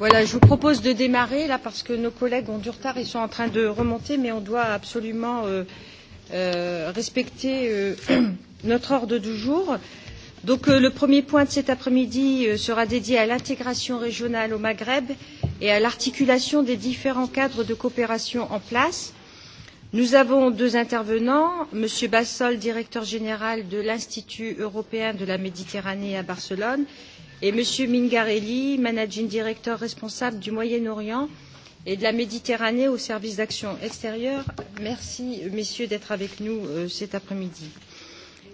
Voilà, je vous propose de démarrer là parce que nos collègues ont du retard, ils sont en train de remonter, mais on doit absolument respecter notre ordre du jour. Donc le premier point de cet après-midi sera dédié à l'intégration régionale au Maghreb et à l'articulation des différents cadres de coopération en place. Nous avons deux intervenants, M. Bassol, directeur général de l'Institut européen de la Méditerranée à Barcelone, et M. Mingarelli, managing director responsable du Moyen-Orient et de la Méditerranée au service d'action extérieure. Merci, messieurs, d'être avec nous cet après-midi.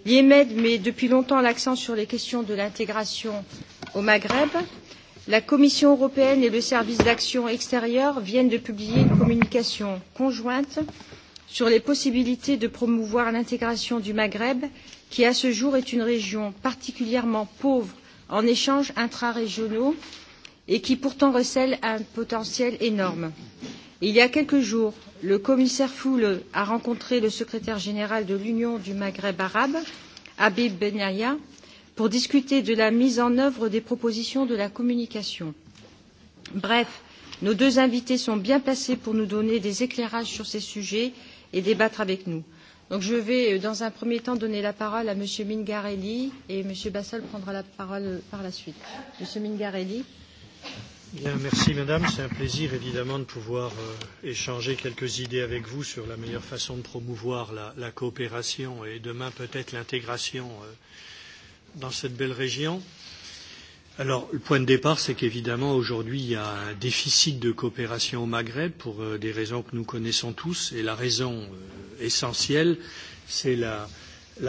L'IEMED met depuis longtemps l'accent sur les questions de l'intégration au Maghreb. La Commission européenne et le service d'action extérieure viennent de publier une communication conjointe sur les possibilités de promouvoir l'intégration du Maghreb, qui à ce jour est une région particulièrement pauvre en échanges intrarégionaux et qui pourtant recèlent un potentiel énorme. Il y a quelques jours, le commissaire Füle a rencontré le secrétaire général de l'Union du Maghreb arabe, Habib Benaya, pour discuter de la mise en œuvre des propositions de la communication. Bref, nos deux invités sont bien placés pour nous donner des éclairages sur ces sujets et débattre avec nous. Donc je vais dans un premier temps donner la parole à M. Mingarelli et M. Bassol prendra la parole par la suite. M. Mingarelli. Bien, merci Madame. C'est un plaisir évidemment de pouvoir échanger quelques idées avec vous sur la meilleure façon de promouvoir la coopération et demain peut-être l'intégration dans cette belle région. Alors, le point de départ, c'est qu'évidemment, aujourd'hui, il y a un déficit de coopération au Maghreb pour des raisons que nous connaissons tous. Et la raison essentielle, c'est la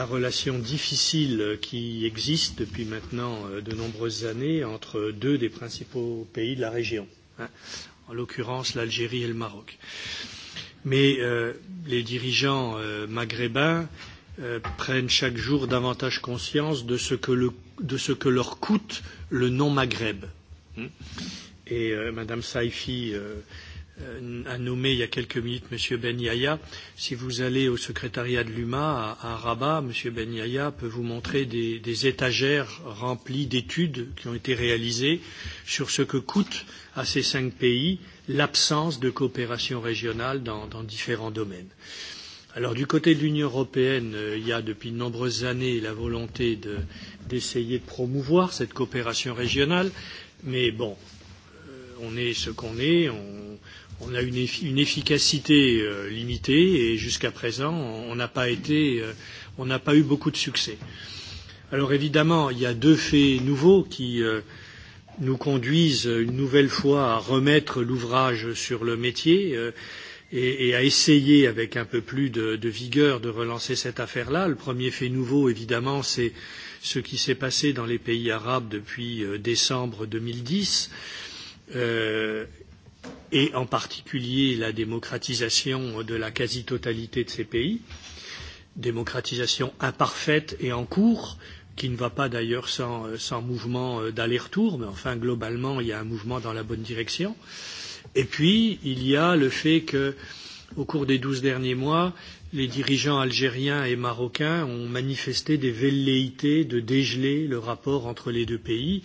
relation difficile qui existe depuis maintenant de nombreuses années entre deux des principaux pays de la région, en l'occurrence l'Algérie et le Maroc. Mais les dirigeants maghrébins prennent chaque jour davantage conscience de ce que leur coûte le non-Maghreb. Et Madame Saifi a nommé il y a quelques minutes M. Ben Yaya Si vous allez au secrétariat de l'UMA à Rabat, M. Ben Yaya peut vous montrer des étagères remplies d'études qui ont été réalisées sur ce que coûte à ces cinq pays l'absence de coopération régionale dans différents domaines. Alors du côté de l'Union européenne, il y a depuis de nombreuses années la volonté d'essayer de promouvoir cette coopération régionale, mais bon, on est ce qu'on est, on a une efficacité limitée et jusqu'à présent, on n'a pas été, on n'a pas eu beaucoup de succès. Alors évidemment, il y a deux faits nouveaux qui nous conduisent une nouvelle fois à remettre l'ouvrage sur le métier et à essayer avec un peu plus de vigueur de relancer cette affaire-là. Le premier fait nouveau, évidemment, c'est ce qui s'est passé dans les pays arabes depuis décembre 2010 et en particulier la démocratisation de la quasi-totalité de ces pays, démocratisation imparfaite et en cours, qui ne va pas d'ailleurs sans mouvement d'aller-retour, mais enfin globalement il y a un mouvement dans la bonne direction. Et puis, il y a le fait que, au cours des douze derniers mois, les dirigeants algériens et marocains ont manifesté des velléités de dégeler le rapport entre les deux pays.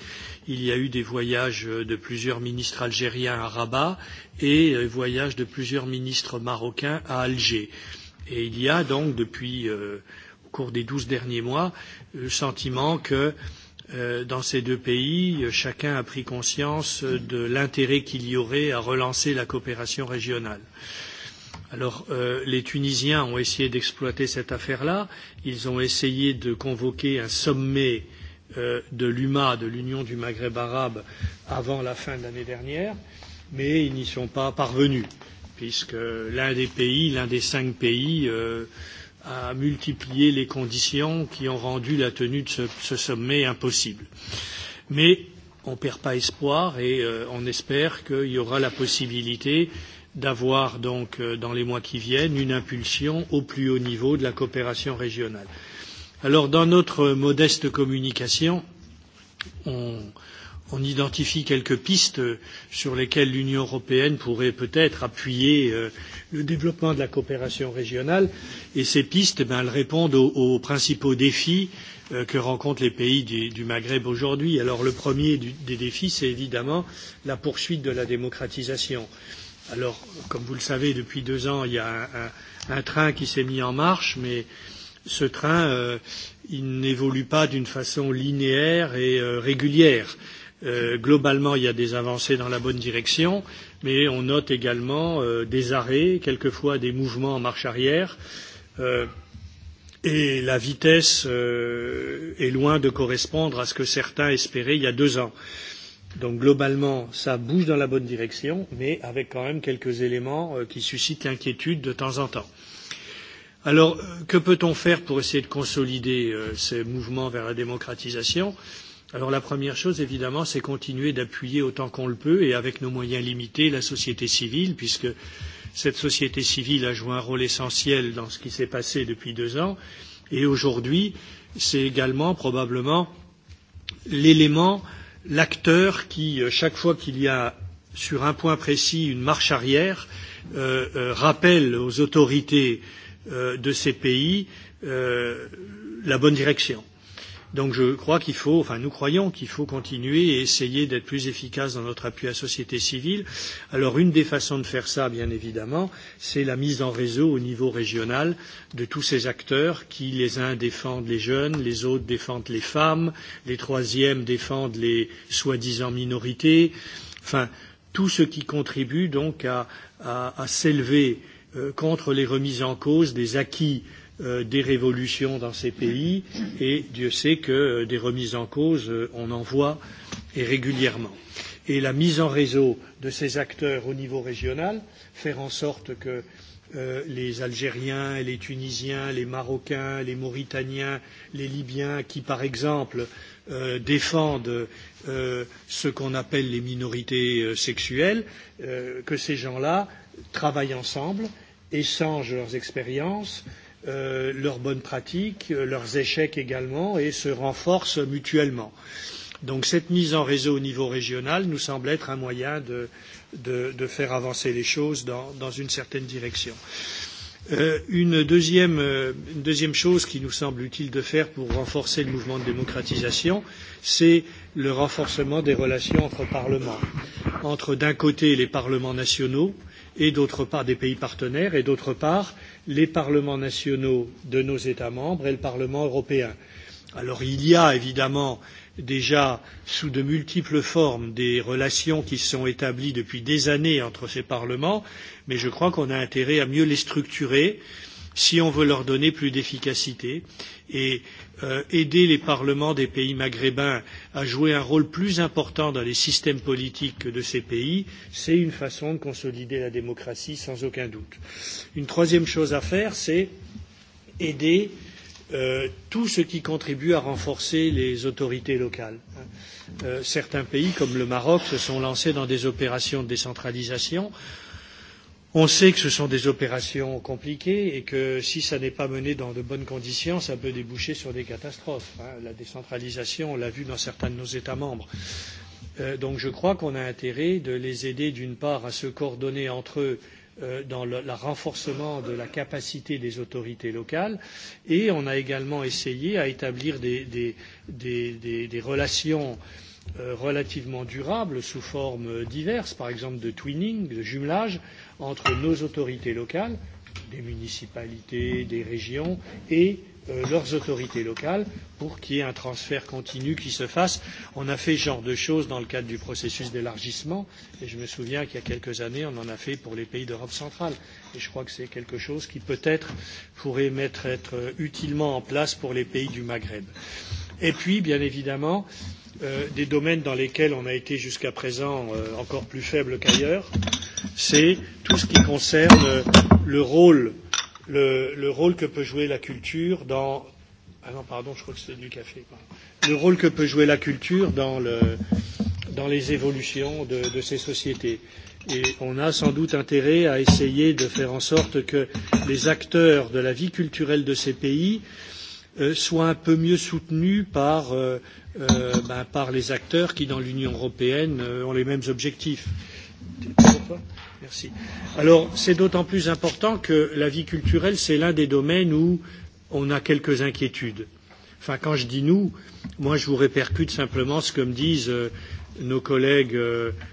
Il y a eu des voyages de plusieurs ministres algériens à Rabat et des voyages de plusieurs ministres marocains à Alger. Et il y a donc, depuis, au cours des douze derniers mois, le sentiment que dans ces deux pays, chacun a pris conscience de l'intérêt qu'il y aurait à relancer la coopération régionale. Alors, les Tunisiens ont essayé d'exploiter cette affaire-là. Ils ont essayé de convoquer un sommet de l'UMA, de l'Union du Maghreb arabe, avant la fin de l'année dernière, mais ils n'y sont pas parvenus, puisque l'un des pays, l'un des cinq pays à multiplier les conditions qui ont rendu la tenue de ce sommet impossible. Mais on ne perd pas espoir et on espère qu'il y aura la possibilité d'avoir donc dans les mois qui viennent une impulsion au plus haut niveau de la coopération régionale. Alors dans notre modeste communication, on on identifie quelques pistes sur lesquelles l'Union européenne pourrait peut-être appuyer le développement de la coopération régionale et ces pistes elles répondent aux principaux défis que rencontrent les pays du Maghreb aujourd'hui. Alors le premier des défis c'est évidemment la poursuite de la démocratisation. Alors comme vous le savez depuis deux ans il y a un train qui s'est mis en marche mais ce train il n'évolue pas d'une façon linéaire et régulière Globalement, il y a des avancées dans la bonne direction, mais on note également des arrêts, quelquefois des mouvements en marche arrière, et la vitesse est loin de correspondre à ce que certains espéraient il y a deux ans. Donc globalement, ça bouge dans la bonne direction, mais avec quand même quelques éléments qui suscitent l'inquiétude de temps en temps. Alors, que peut-on faire pour essayer de consolider ces mouvements vers la démocratisation Alors la première chose, évidemment, c'est continuer d'appuyer autant qu'on le peut et avec nos moyens limités la société civile, puisque cette société civile a joué un rôle essentiel dans ce qui s'est passé depuis deux ans. Et aujourd'hui, c'est également probablement l'élément, l'acteur qui, chaque fois qu'il y a sur un point précis une marche arrière, rappelle aux autorités de ces pays la bonne direction Donc je crois qu'il faut, enfin nous croyons qu'il faut continuer et essayer d'être plus efficace dans notre appui à la société civile. Alors une des façons de faire cela, bien évidemment, c'est la mise en réseau au niveau régional de tous ces acteurs qui, les uns défendent les jeunes, les autres défendent les femmes, les troisièmes défendent les soi-disant minorités, enfin tout ce qui contribue donc à s'élever contre les remises en cause des acquis des révolutions dans ces pays et Dieu sait que des remises en cause, on en voit et régulièrement. Et la mise en réseau de ces acteurs au niveau régional, faire en sorte que les Algériens, les Tunisiens, les Marocains, les Mauritaniens, les Libyens, qui par exemple défendent ce qu'on appelle les minorités sexuelles, que ces gens-là travaillent ensemble, échangent leurs expériences, leurs bonnes pratiques, leurs échecs également, et se renforcent mutuellement. Donc cette mise en réseau au niveau régional nous semble être un moyen de faire avancer les choses dans une certaine direction. Une deuxième chose qui nous semble utile de faire pour renforcer le mouvement de démocratisation, c'est le renforcement des relations entre parlements, entre d'un côté les parlements nationaux, et d'autre part des pays partenaires et d'autre part les parlements nationaux de nos États membres et le Parlement européen. Alors il y a évidemment déjà sous de multiples formes des relations qui sont établies depuis des années entre ces parlements, mais je crois qu'on a intérêt à mieux les structurer si on veut leur donner plus d'efficacité. Et aider les parlements des pays maghrébins à jouer un rôle plus important dans les systèmes politiques de ces pays, c'est une façon de consolider la démocratie, sans aucun doute. Une troisième chose à faire, c'est aider tout ce qui contribue à renforcer les autorités locales. Certains pays, comme le Maroc, se sont lancés dans des opérations de décentralisation. On sait que ce sont des opérations compliquées et que si ça n'est pas mené dans de bonnes conditions, ça peut déboucher sur des catastrophes. La décentralisation, on l'a vu dans certains de nos États membres. Donc je crois qu'on a intérêt de les aider d'une part à se coordonner entre eux dans le renforcement de la capacité des autorités locales et on a également essayé à établir des relations relativement durables sous forme diverses, par exemple de twinning, de jumelage entre nos autorités locales, des municipalités, des régions, et leurs autorités locales pour qu'il y ait un transfert continu qui se fasse. On a fait ce genre de choses dans le cadre du processus d'élargissement et je me souviens qu'il y a quelques années, on en a fait pour les pays d'Europe centrale. Et je crois que c'est quelque chose qui peut-être pourrait être utilement en place pour les pays du Maghreb et puis, bien évidemment, des domaines dans lesquels on a été jusqu'à présent encore plus faible qu'ailleurs, c'est tout ce qui concerne le rôle que peut jouer la culture dans ah pardon je crois que c'est du café le rôle que peut jouer la culture dans le dans les évolutions de de ces sociétés et on a sans doute intérêt à essayer de faire en sorte que les acteurs de la vie culturelle de ces pays soit un peu mieux soutenu par les acteurs qui, dans l'Union européenne, ont les mêmes objectifs. Alors, c'est d'autant plus important que la vie culturelle, c'est l'un des domaines où on a quelques inquiétudes. Enfin, quand je dis nous, moi, je vous répercute simplement ce que me disent nos collègues,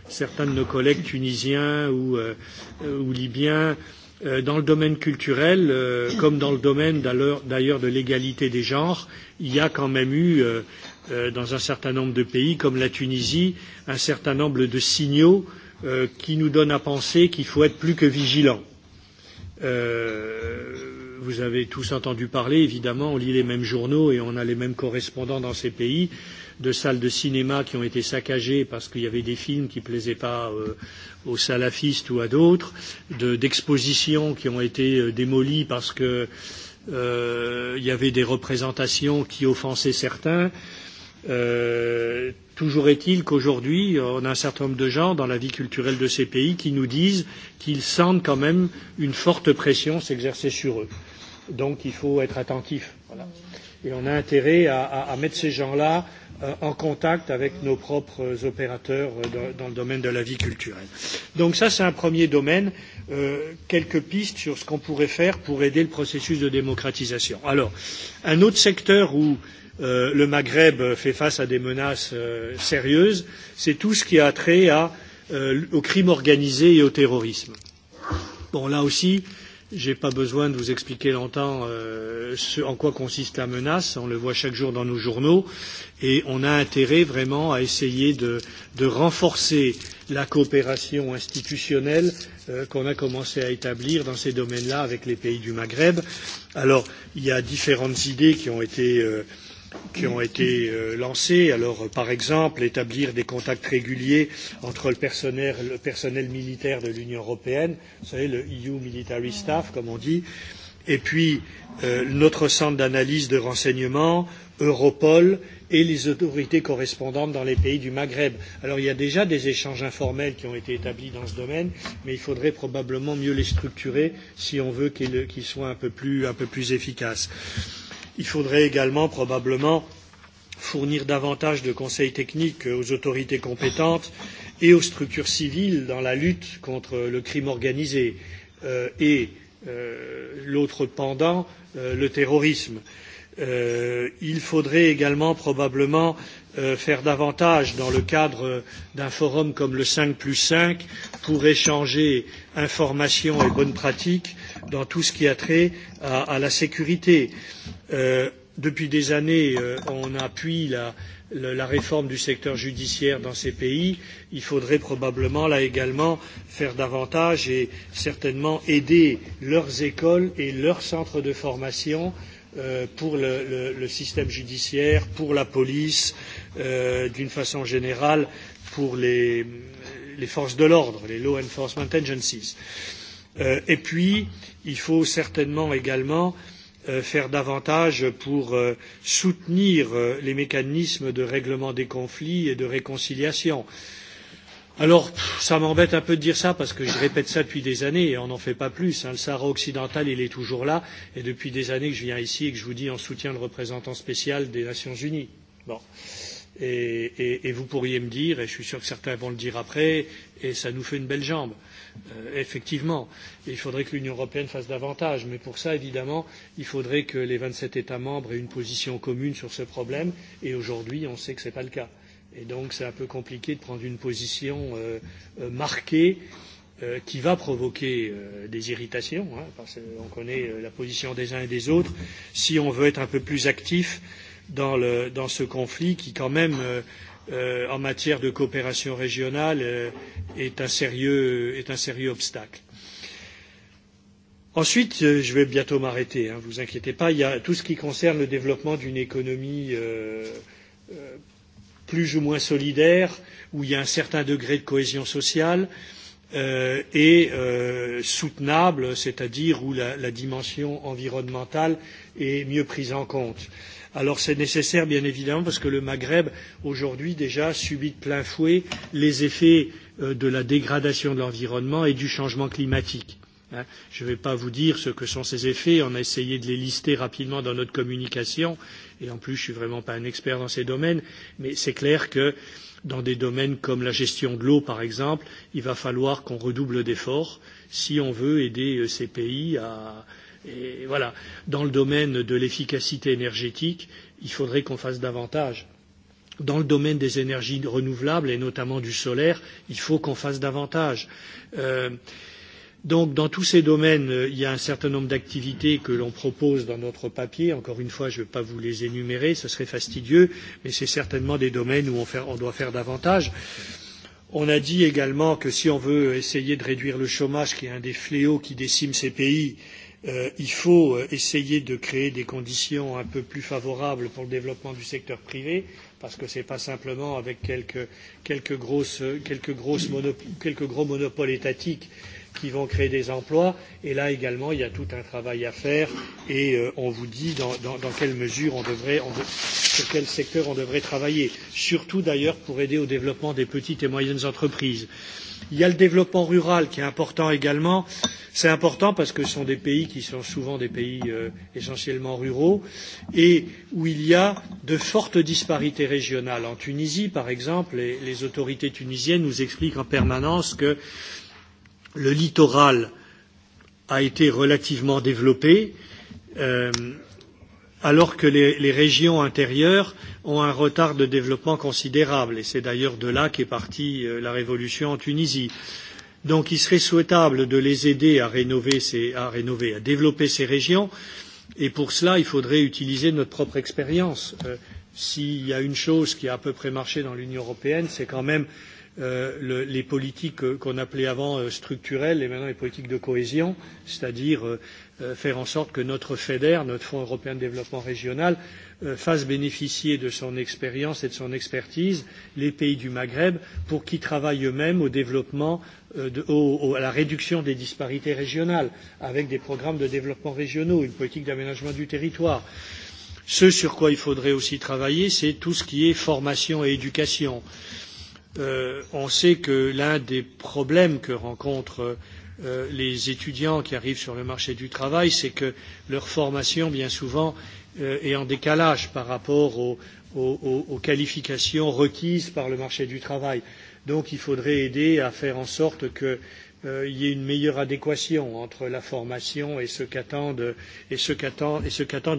certains de nos collègues tunisiens ou libyens Dans le domaine culturel, comme dans le domaine d'ailleurs de l'égalité des genres, il y a quand même eu, dans un certain nombre de pays, comme la Tunisie, un certain nombre de signaux qui nous donnent à penser qu'il faut être plus que vigilant vous avez tous entendu parler, évidemment, on lit les mêmes journaux et on a les mêmes correspondants dans ces pays, de salles de cinéma qui ont été saccagées parce qu'il y avait des films qui ne plaisaient pas aux salafistes ou à d'autres, d'expositions qui ont été démolies parce qu'il y avait des représentations qui offensaient certains. Toujours est-il qu'aujourd'hui, on a un certain nombre de gens dans la vie culturelle de ces pays qui nous disent qu'ils sentent quand même une forte pression s'exercer sur eux. Donc il faut être attentif. Et on a intérêt à mettre ces gens-là en contact avec nos propres opérateurs dans le domaine de la vie culturelle. Donc ça, c'est un premier domaine. Quelques pistes sur ce qu'on pourrait faire pour aider le processus de démocratisation. Alors, un autre secteur où le Maghreb fait face à des menaces sérieuses, c'est tout ce qui a trait au crime organisé et au terrorisme. Bon, là aussi, je n'ai pas besoin de vous expliquer longtemps en quoi consiste la menace, on le voit chaque jour dans nos journaux, et on a intérêt vraiment à essayer de renforcer la coopération institutionnelle qu'on a commencé à établir dans ces domaines-là avec les pays du Maghreb. Alors, il y a différentes idées qui ont été qui ont été lancés. Alors, par exemple, établir des contacts réguliers entre le personnel militaire de l'Union européenne, vous savez, le EU Military Staff, comme on dit, et puis notre centre d'analyse de renseignement, Europol, et les autorités correspondantes dans les pays du Maghreb. Alors, il y a déjà des échanges informels qui ont été établis dans ce domaine, mais il faudrait probablement mieux les structurer si on veut qu'ils soient un peu plus efficaces Il faudrait également probablement fournir davantage de conseils techniques aux autorités compétentes et aux structures civiles dans la lutte contre le crime organisé et l'autre pendant le terrorisme. Il faudrait également probablement faire davantage dans le cadre d'un forum comme le 5 cinq pour échanger informations et bonnes pratiques dans tout ce qui a trait à la sécurité. Depuis des années, on appuie la réforme du secteur judiciaire dans ces pays. Il faudrait probablement, là également, faire davantage et certainement aider leurs écoles et leurs centres de formation pour le système judiciaire, pour la police, d'une façon générale, pour les forces de l'ordre, les law enforcement agencies Et puis, il faut certainement également faire davantage pour soutenir les mécanismes de règlement des conflits et de réconciliation. Alors, ça m'embête un peu de dire ça parce que je répète ça depuis des années et on n'en fait pas plus. Le Sahara occidental, il est toujours là et depuis des années que je viens ici et que je vous dis en soutien le représentant spécial des Nations Unies. Et vous pourriez me dire, et je suis sûr que certains vont le dire après, et ça nous fait une belle jambe effectivement. Il faudrait que l'Union européenne fasse davantage. Mais pour ça, évidemment, il faudrait que les 27 États membres aient une position commune sur ce problème. Et aujourd'hui, on sait que ce n'est pas le cas. Et donc, c'est un peu compliqué de prendre une position marquée qui va provoquer des irritations, parce qu'on connaît la position des uns et des autres, si on veut être un peu plus actif dans ce conflit qui, quand même, en matière de coopération régionale est un sérieux obstacle. Ensuite, je vais bientôt m'arrêter, ne vous inquiétez pas, il y a tout ce qui concerne le développement d'une économie plus ou moins solidaire, où il y a un certain degré de cohésion sociale et soutenable, c'est-à-dire où la dimension environnementale est mieux prise en compte Alors c'est nécessaire bien évidemment parce que le Maghreb aujourd'hui déjà subit de plein fouet les effets de la dégradation de l'environnement et du changement climatique. Je ne vais pas vous dire ce que sont ces effets, on a essayé de les lister rapidement dans notre communication, et en plus je ne suis vraiment pas un expert dans ces domaines, mais c'est clair que dans des domaines comme la gestion de l'eau par exemple, il va falloir qu'on redouble d'efforts si on veut aider ces pays à Et voilà. Dans le domaine de l'efficacité énergétique, il faudrait qu'on fasse davantage. Dans le domaine des énergies renouvelables et notamment du solaire, il faut qu'on fasse davantage. Donc, dans tous ces domaines, il y a un certain nombre d'activités que l'on propose dans notre papier. Encore une fois, je ne vais pas vous les énumérer, ce serait fastidieux, mais c'est certainement des domaines où on doit faire davantage. On a dit également que si on veut essayer de réduire le chômage, qui est un des fléaux qui décime ces pays, il faut essayer de créer des conditions un peu plus favorables pour le développement du secteur privé parce que ce n'est pas simplement avec quelques gros monopoles étatiques qui vont créer des emplois. Et là également, il y a tout un travail à faire et on vous dit dans quelle mesure on devrait, sur quel secteur on devrait travailler. Surtout d'ailleurs pour aider au développement des petites et moyennes entreprises. Il y a le développement rural qui est important également. C'est important parce que ce sont des pays qui sont souvent des pays essentiellement ruraux et où il y a de fortes disparités régionales. En Tunisie, par exemple, les autorités tunisiennes nous expliquent en permanence que le littoral a été relativement développé, alors que les régions intérieures ont un retard de développement considérable, et c'est d'ailleurs de là qu'est partie la révolution en Tunisie. Donc il serait souhaitable de les aider à rénover, à développer ces régions, et pour cela, il faudrait utiliser notre propre expérience. S'il y a une chose qui a à peu près marché dans l'Union européenne, c'est quand même les politiques qu'on appelait avant structurelles et maintenant les politiques de cohésion, c'est-à-dire faire en sorte que notre FEDER, notre Fonds européen de développement régional, fasse bénéficier de son expérience et de son expertise les pays du Maghreb pour qu'ils travaillent eux-mêmes au développement, à la réduction des disparités régionales, avec des programmes de développement régionaux, une politique d'aménagement du territoire. Ce sur quoi il faudrait aussi travailler, c'est tout ce qui est formation et éducation on sait que l'un des problèmes que rencontrent les étudiants qui arrivent sur le marché du travail, c'est que leur formation, bien souvent, est en décalage par rapport aux qualifications requises par le marché du travail. Donc il faudrait aider à faire en sorte qu'il y ait une meilleure adéquation entre la formation et ce qu'attendent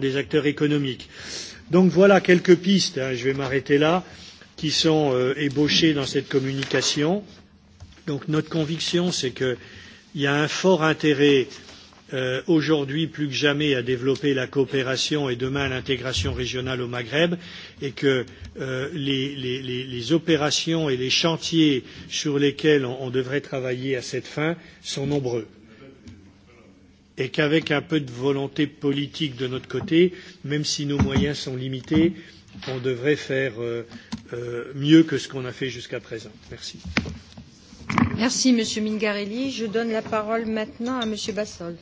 les acteurs économiques. Donc voilà quelques pistes, je vais m'arrêter là qui sont ébauchés dans cette communication. Donc notre conviction, c'est qu'il y a un fort intérêt aujourd'hui plus que jamais à développer la coopération et demain l'intégration régionale au Maghreb et que les opérations et les chantiers sur lesquels on devrait travailler à cette fin sont nombreux et qu'avec un peu de volonté politique de notre côté, même si nos moyens sont limités, on devrait faire mieux que ce qu'on a fait jusqu'à présent. Merci. Merci, Monsieur Mingarelli. Je donne la parole maintenant à Monsieur Bassol.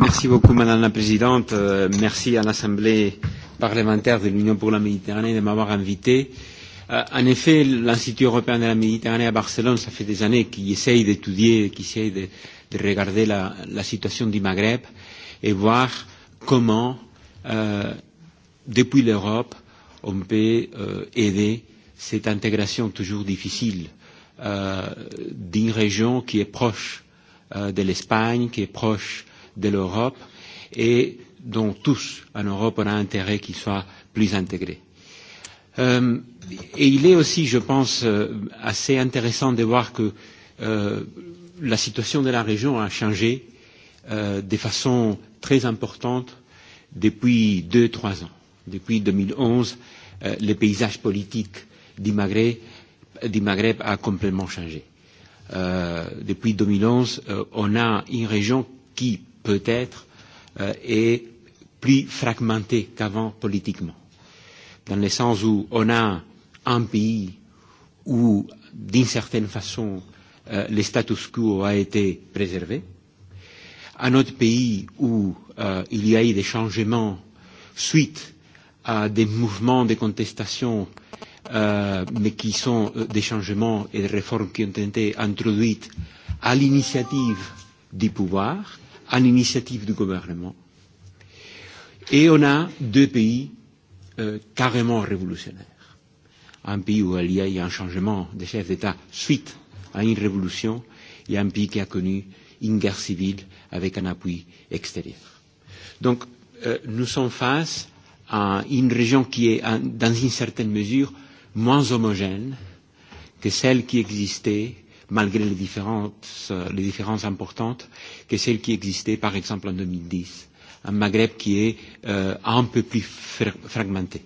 Merci beaucoup, Madame la Présidente. Merci à l'Assemblée parlementaire de l'Union pour la Méditerranée de m'avoir invité. En effet, l'Institut européen de la Méditerranée à Barcelone, ça fait des années qu'il essaye d'étudier, qu'il essaye de regarder la situation du Maghreb et voir comment depuis l'Europe, on peut aider cette intégration toujours difficile d'une région qui est proche de l'Espagne, qui est proche de l'Europe et dont tous en Europe ont a intérêt qu'ils soient plus intégrés. Et il est aussi, je pense, assez intéressant de voir que la situation de la région a changé de façon très importante depuis deux, trois ans. Depuis 2011, le paysage politique du Maghreb a complètement changé. Depuis 2011, on a une région qui, peut-être, est plus fragmentée qu'avant politiquement. Dans le sens où on a un pays où, d'une certaine façon, le status quo a été préservé. Un autre pays où il y a eu des changements suite à des mouvements de contestation, mais qui sont des changements et des réformes qui ont été introduites à l'initiative du pouvoir, à l'initiative du gouvernement. Et on a deux pays carrément révolutionnaires. Un pays où il y a eu un changement de chef d'État suite à une révolution et un pays qui a connu une guerre civile avec un appui extérieur. Donc, nous sommes face une région qui est, dans une certaine mesure, moins homogène que celle qui existait, malgré les différences, les différences importantes, que celle qui existait, par exemple, en 2010. Un Maghreb qui est un peu plus fragmenté.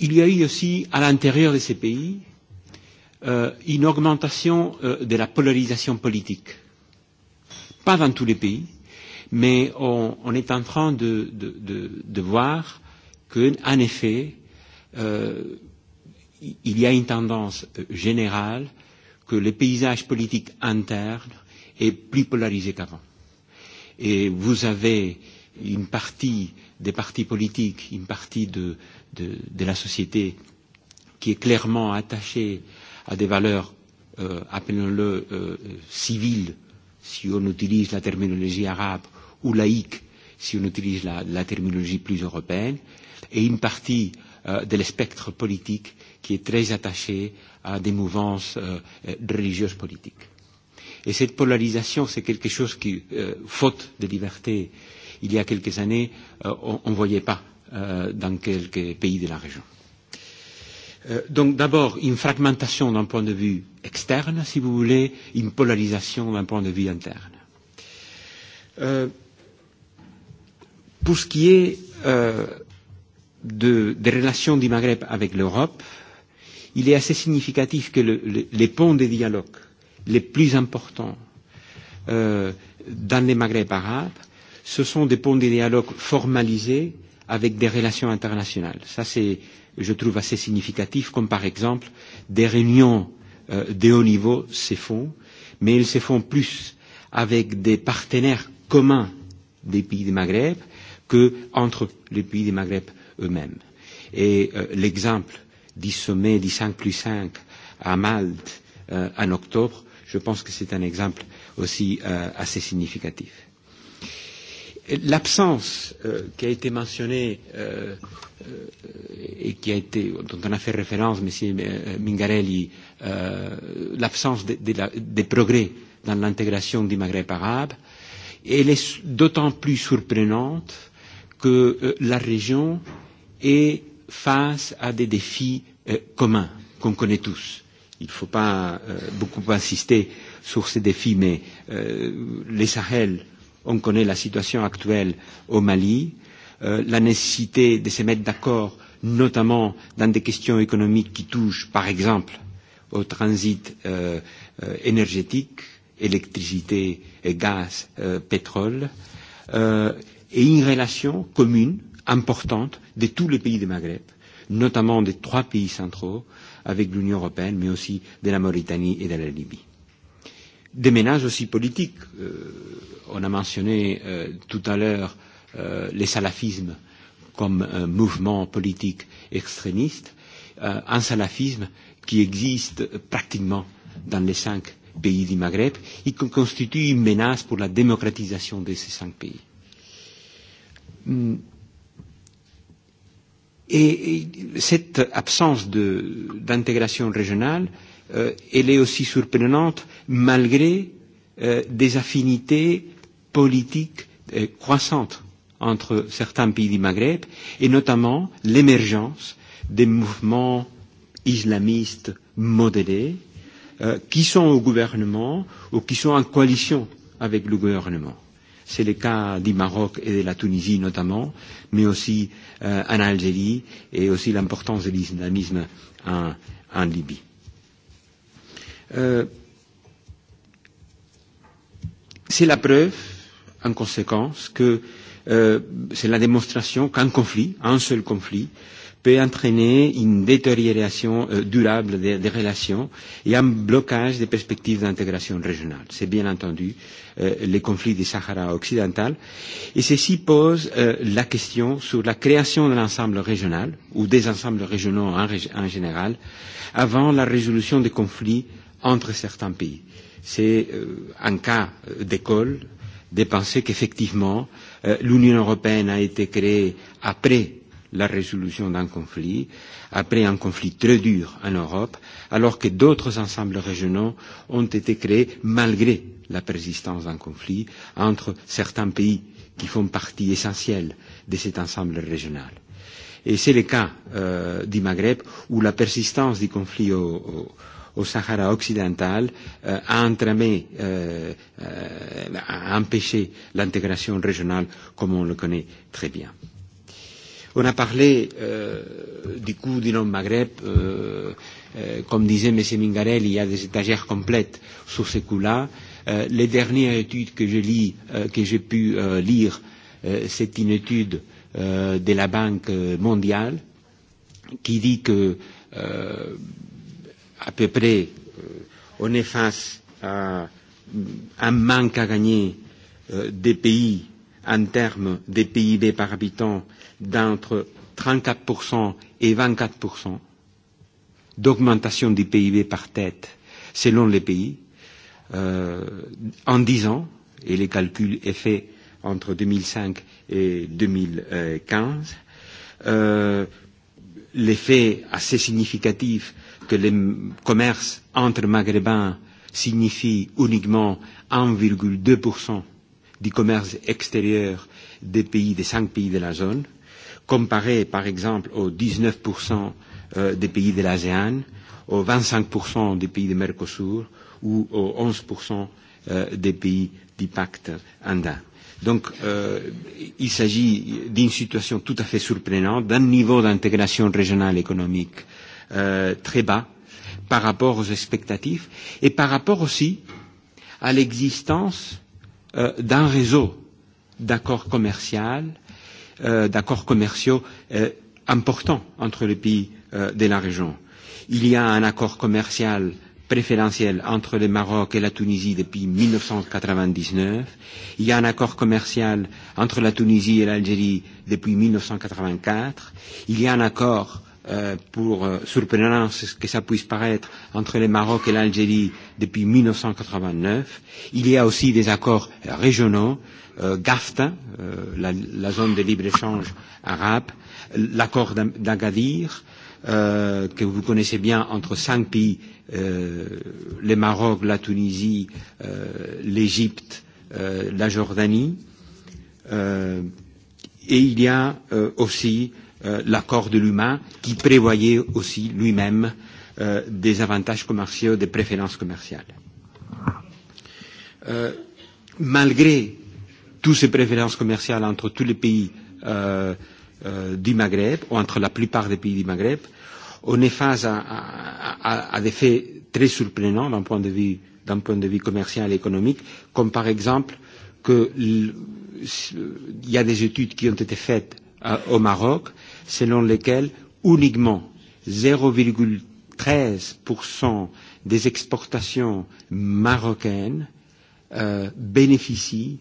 Il y a eu aussi, à l'intérieur de ces pays, une augmentation de la polarisation politique. Pas dans tous les pays, mais on, est en train de, de, de, de voir qu'en effet, il y a une tendance générale que le paysage politique interne est plus polarisé qu'avant. Et vous avez une partie des partis politiques, une partie de, de, de la société qui est clairement attachée à des valeurs, euh, appelons-le, euh, civiles, si on utilise la terminologie arabe, ou laïque, si on utilise la terminologie plus européenne, et une partie de spectre politique qui est très attaché à des mouvances religieuses politiques. Et cette polarisation, c'est quelque chose qui, faute de liberté, il y a quelques années, on ne voyait pas dans quelques pays de la région. Donc d'abord, une fragmentation d'un point de vue externe, si vous voulez, une polarisation d'un point de vue interne. Pour ce qui est des relations du Maghreb avec l'Europe, il est assez significatif que les ponts de dialogue les plus importants dans les Maghreb arabes ce sont des ponts de dialogue formalisés avec des relations internationales. Ça, c'est, je trouve, assez significatif, comme par exemple des réunions de haut niveau se font, mais elles se font plus avec des partenaires communs des pays du Maghreb entre les pays du Maghreb eux-mêmes. Et l'exemple du sommet du 5 plus 5 à Malte en octobre, je pense que c'est un exemple aussi assez significatif. L'absence qui a été mentionnée et qui a été, dont on a fait référence, M. Mingarelli, l'absence des progrès dans l'intégration du Maghreb arabe, elle est d'autant plus surprenante que la région est face à des défis communs qu'on connaît tous. Il ne faut pas beaucoup insister sur ces défis, mais les Sahel, on connaît la situation actuelle au Mali, la nécessité de se mettre d'accord, notamment dans des questions économiques qui touchent, par exemple, au transit énergétique, électricité, gaz, pétrole, et une relation commune, importante, de tous les pays du Maghreb, notamment des trois pays centraux, avec l'Union européenne, mais aussi de la Mauritanie et de la Libye. Des ménages aussi politiques. On a mentionné tout à l'heure les salafismes comme un mouvement politique extrémiste, un salafisme qui existe pratiquement dans les cinq pays du Maghreb et qui constitue une menace pour la démocratisation de ces cinq pays. Et cette absence d'intégration régionale, elle est aussi surprenante malgré des affinités politiques croissantes entre certains pays du Maghreb et notamment l'émergence des mouvements islamistes modérés qui sont au gouvernement ou qui sont en coalition avec le gouvernement. C'est le cas du Maroc et de la Tunisie notamment, mais aussi en Algérie et aussi l'importance de l'islamisme en Libye. C'est la preuve, en conséquence, que c'est la démonstration qu'un conflit, un seul conflit, peut entraîner une détérioration durable des relations et un blocage des perspectives d'intégration régionale. C'est bien entendu les conflits du Sahara occidental. Et ceci pose la question sur la création d'un ensemble régional, ou des ensembles régionaux en général, avant la résolution des conflits entre certains pays. C'est un cas d'école de penser qu'effectivement l'Union européenne a été créée après la résolution d'un conflit, après un conflit très dur en Europe, alors que d'autres ensembles régionaux ont été créés malgré la persistance d'un conflit entre certains pays qui font partie essentielle de cet ensemble régional. Et c'est le cas du Maghreb où la persistance du conflit au Sahara occidental a entraîné, a empêché l'intégration régionale comme on le connaît très bien. On a parlé du coût du nom Maghreb. Comme disait M. Mingarel, il y a des étagères complètes sur ces coûts-là. Les dernières études que j'ai pu lire, c'est une étude de la Banque mondiale qui dit que à peu près on est face à un manque à gagner des pays en termes de PIB par habitant d'entre 34% et 24% d'augmentation du PIB par tête selon les pays en 10 ans, et les calculs est fait entre 2005 et 2015. L'effet assez significatif que le commerce entre maghrébins signifie uniquement 1,2% du commerce extérieur des pays, des cinq pays de la zone, comparé par exemple aux dix neuf des pays de l'ASEAN, aux vingt-cinq des pays du Mercosur ou aux onze des pays du pacte andin. il s'agit d'une situation tout à fait surprenante, d'un niveau d'intégration régionale économique très bas par rapport aux expectatives et par rapport aussi à l'existence d'un réseau d'accords commerciaux d'accords commerciaux importants entre les pays de la région. Il y a un accord commercial préférentiel entre le Maroc et la Tunisie depuis mille neuf cent quatre-vingt dix neuf, Il y a un accord commercial entre la Tunisie et l'Algérie depuis mille neuf cent quatre vingt quatre, Il y a un accord pour surprenant que ça puisse paraître entre le Maroc et l'Algérie depuis 1989. Il y a aussi des accords régionaux, GAFTA, la zone de libre-échange arabe, l'accord d'Agadir, que vous connaissez bien entre cinq pays, le Maroc, la Tunisie, l'Égypte, la Jordanie. Et il y a aussi l'accord de l'humain qui prévoyait aussi lui-même des avantages commerciaux, des préférences commerciales. Malgré toutes ces préférences commerciales entre tous les pays du Maghreb, ou entre la plupart des pays du Maghreb, on est face à des faits très surprenants d'un point de vue d'un point de vue commercial et économique, comme par exemple qu'il y a des études qui ont été faites au Maroc selon lequel uniquement 0,13% des exportations marocaines bénéficient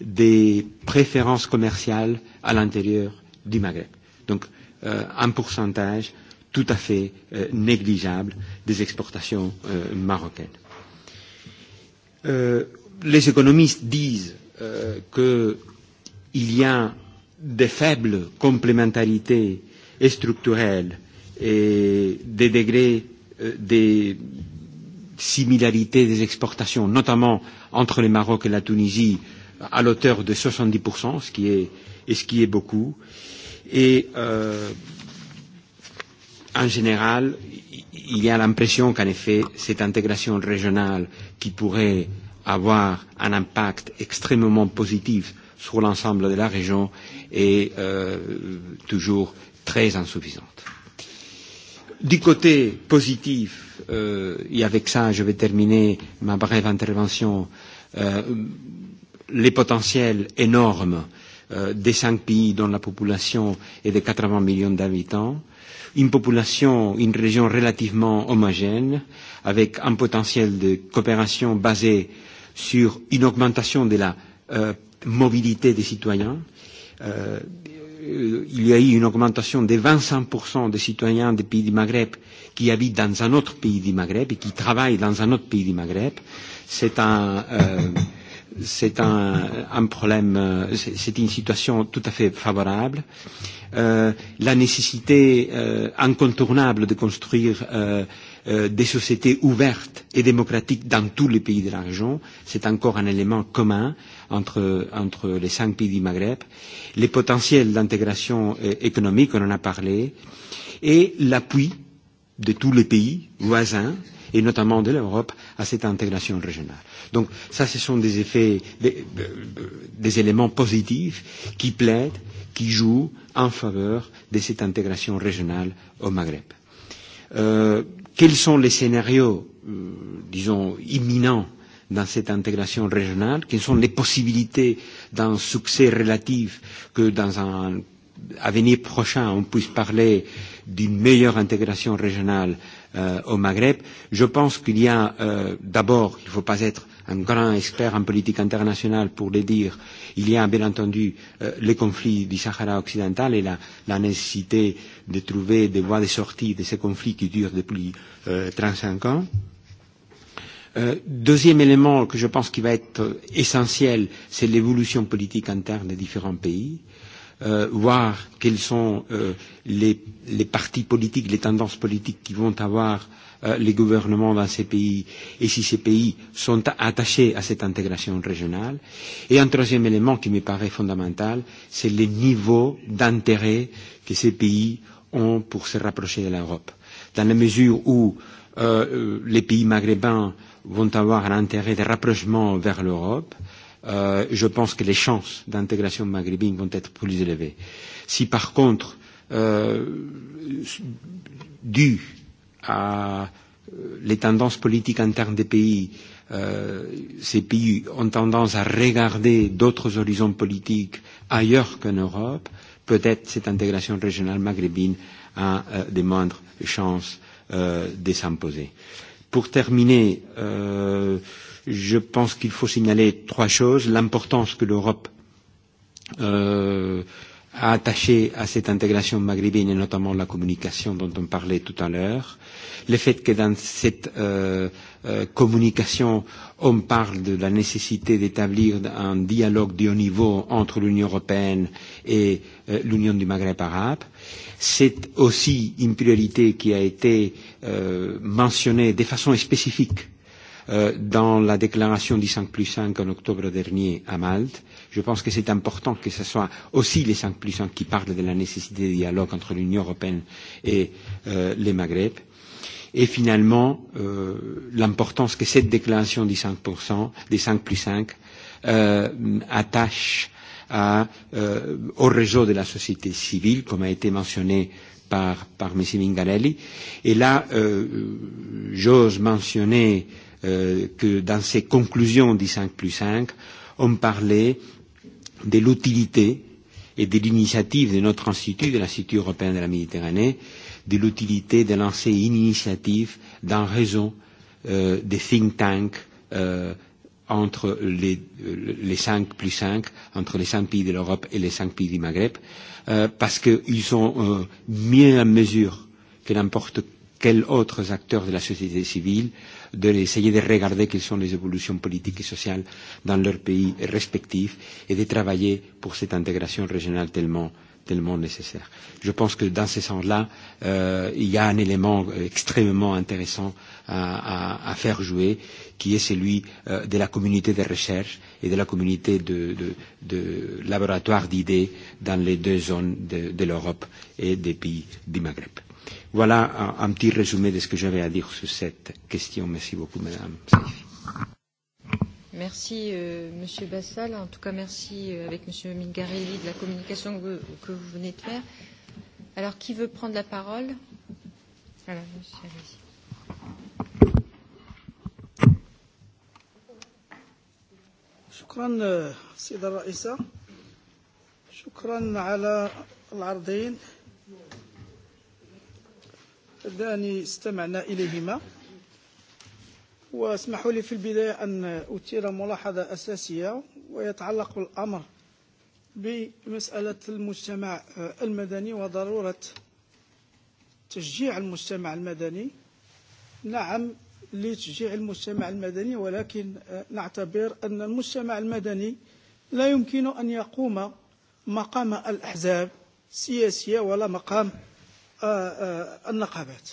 des préférences commerciales à l'intérieur du Maghreb. Donc un pourcentage tout à fait négligeable des exportations marocaines. Les économistes disent qu'il y a de faibles complémentarités et structurelles et des degrés des similarités des exportations, notamment entre le Maroc et la Tunisie, à l'auteur de 70%, ce qui est, et ce qui est beaucoup. Et en général, il y a l'impression qu'en effet, cette intégration régionale qui pourrait avoir un impact extrêmement positif sur l'ensemble de la région est toujours très insuffisante. Du côté positif, et avec ça je vais terminer ma brève intervention, les potentiels énormes des cinq pays dont la population est de 80 millions d'habitants, une population, une région relativement homogène, avec un potentiel de coopération basé sur une augmentation de la mobilité des citoyens. Euh, Il y a eu une augmentation de 25% des citoyens des pays du Maghreb qui habitent dans un autre pays du Maghreb et qui travaillent dans un autre pays du Maghreb. C'est un c'est un un problème, c'est une situation tout à fait favorable. Euh, La nécessité incontournable de construire euh, des sociétés ouvertes et démocratiques dans tous les pays de la région. C'est encore un élément commun entre les cinq pays du Maghreb. Les potentiels d'intégration économique, on en a parlé, et l'appui de tous les pays voisins et notamment de l'Europe, à cette intégration régionale. Donc ça, ce sont des effets, des éléments positifs qui plaident, qui jouent en faveur de cette intégration régionale au Maghreb. Quels sont les scénarios, disons, imminents dans cette intégration régionale Quelles sont les possibilités d'un succès relatif que dans un avenir prochain, on puisse parler d'une meilleure intégration régionale au Maghreb Je pense qu'il y a, d'abord, il ne faut pas être un grand expert en politique internationale pour le dire, il y a bien entendu les conflits du Sahara occidental et la nécessité de trouver des voies de sortie de ces conflits qui durent depuis 35 ans. Deuxième élément que je pense qui va être essentiel, c'est l'évolution politique interne des différents pays voir quelles sont les partis politiques, les tendances politiques qui vont avoir les gouvernements dans ces pays et si ces pays sont attachés à cette intégration régionale. Et un troisième élément qui me paraît fondamental, c'est le niveau d'intérêt que ces pays ont pour se rapprocher de l'Europe. Dans la mesure où les pays maghrébins vont avoir un intérêt de rapprochement vers l'Europe, je pense que les chances d'intégration maghrébine vont être plus élevées. Si par contre, dû à les tendances politiques internes des pays, ces pays ont tendance à regarder d'autres horizons politiques ailleurs qu'en Europe, peut-être cette intégration régionale maghrébine a des moindres chances de s'imposer. Pour terminer, je pense qu'il faut signaler trois choses. L'importance que l'Europe euh, a attachée à cette intégration maghrébine et notamment la communication dont on parlait tout à l'heure. Le fait que dans cette euh, communication, on parle de la nécessité d'établir un dialogue de haut niveau entre l'Union européenne et l'Union du Maghreb arabe. C'est aussi une priorité qui a été mentionnée de façon spécifique dans la déclaration du 5 plus 5 en octobre dernier à Malte. Je pense que c'est important que ce soit aussi les 5 plus 5 qui parlent de la nécessité de dialogue entre l'Union européenne et les Maghreb. Et finalement, l'importance que cette déclaration des 5%, des 5 plus 5, attache au réseau de la société civile, comme a été mentionné par M. Mingarelli. Et là, j'ose mentionner que dans ces conclusions du 5 plus 5, on parlait de l'utilité et de l'initiative de notre institut, de l'Institut européen de la Méditerranée, de l'utilité de lancer une initiative dans raison des think tanks entre les 5 plus 5, entre les 5 pays de l'Europe et les 5 pays du Maghreb, parce qu'ils sont mieux en mesure que n'importe quels autres acteurs de la société civile, d'essayer de regarder quelles sont les évolutions politiques et sociales dans leurs pays respectifs et de travailler pour cette intégration régionale tellement tellement nécessaire. Je pense que dans ce sens-là, il y a un élément extrêmement intéressant à à, à faire jouer, qui est celui de la communauté de recherche et de la communauté de laboratoires d'idées dans les deux zones de l'Europe et des pays du Maghreb. Voilà un petit résumé de ce que j'avais à dire sur cette question. Merci beaucoup, Madame. Merci, Monsieur Bassal. En tout cas, merci avec Monsieur Mingarelli de la communication que vous venez de faire. Alors, qui veut prendre la parole Voilà, Monsieur شكرا سيد الرئيسة شكرا على العرضين اللذان استمعنا إليهما واسمحوا لي في البداية أن أثير ملاحظة أساسية ويتعلق الأمر بمسألة المجتمع المدني وضرورة تشجيع المجتمع المدني نعم لتشجيع المجتمع المدني ولكن نعتبر أن المجتمع المدني لا يمكن أن يقوم مقام الأحزاب السياسية ولا مقام النقابات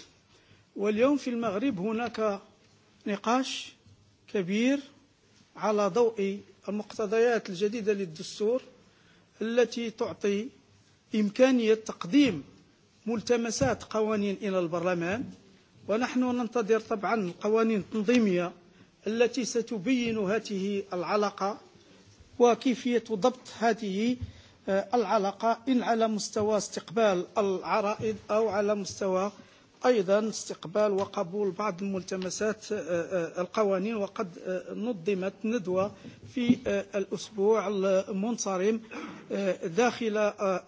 واليوم في المغرب هناك نقاش كبير على ضوء المقتضيات الجديدة للدستور التي تعطي إمكانية تقديم ملتمسات قوانين إلى البرلمان ونحن ننتظر طبعا القوانين التنظيمية التي ستبين هذه العلاقة وكيفية ضبط هذه العلاقه إن على مستوى استقبال العرائض أو على مستوى أيضا استقبال وقبول بعض الملتمسات القوانين وقد نظمت ندوه في الأسبوع المنصرم داخل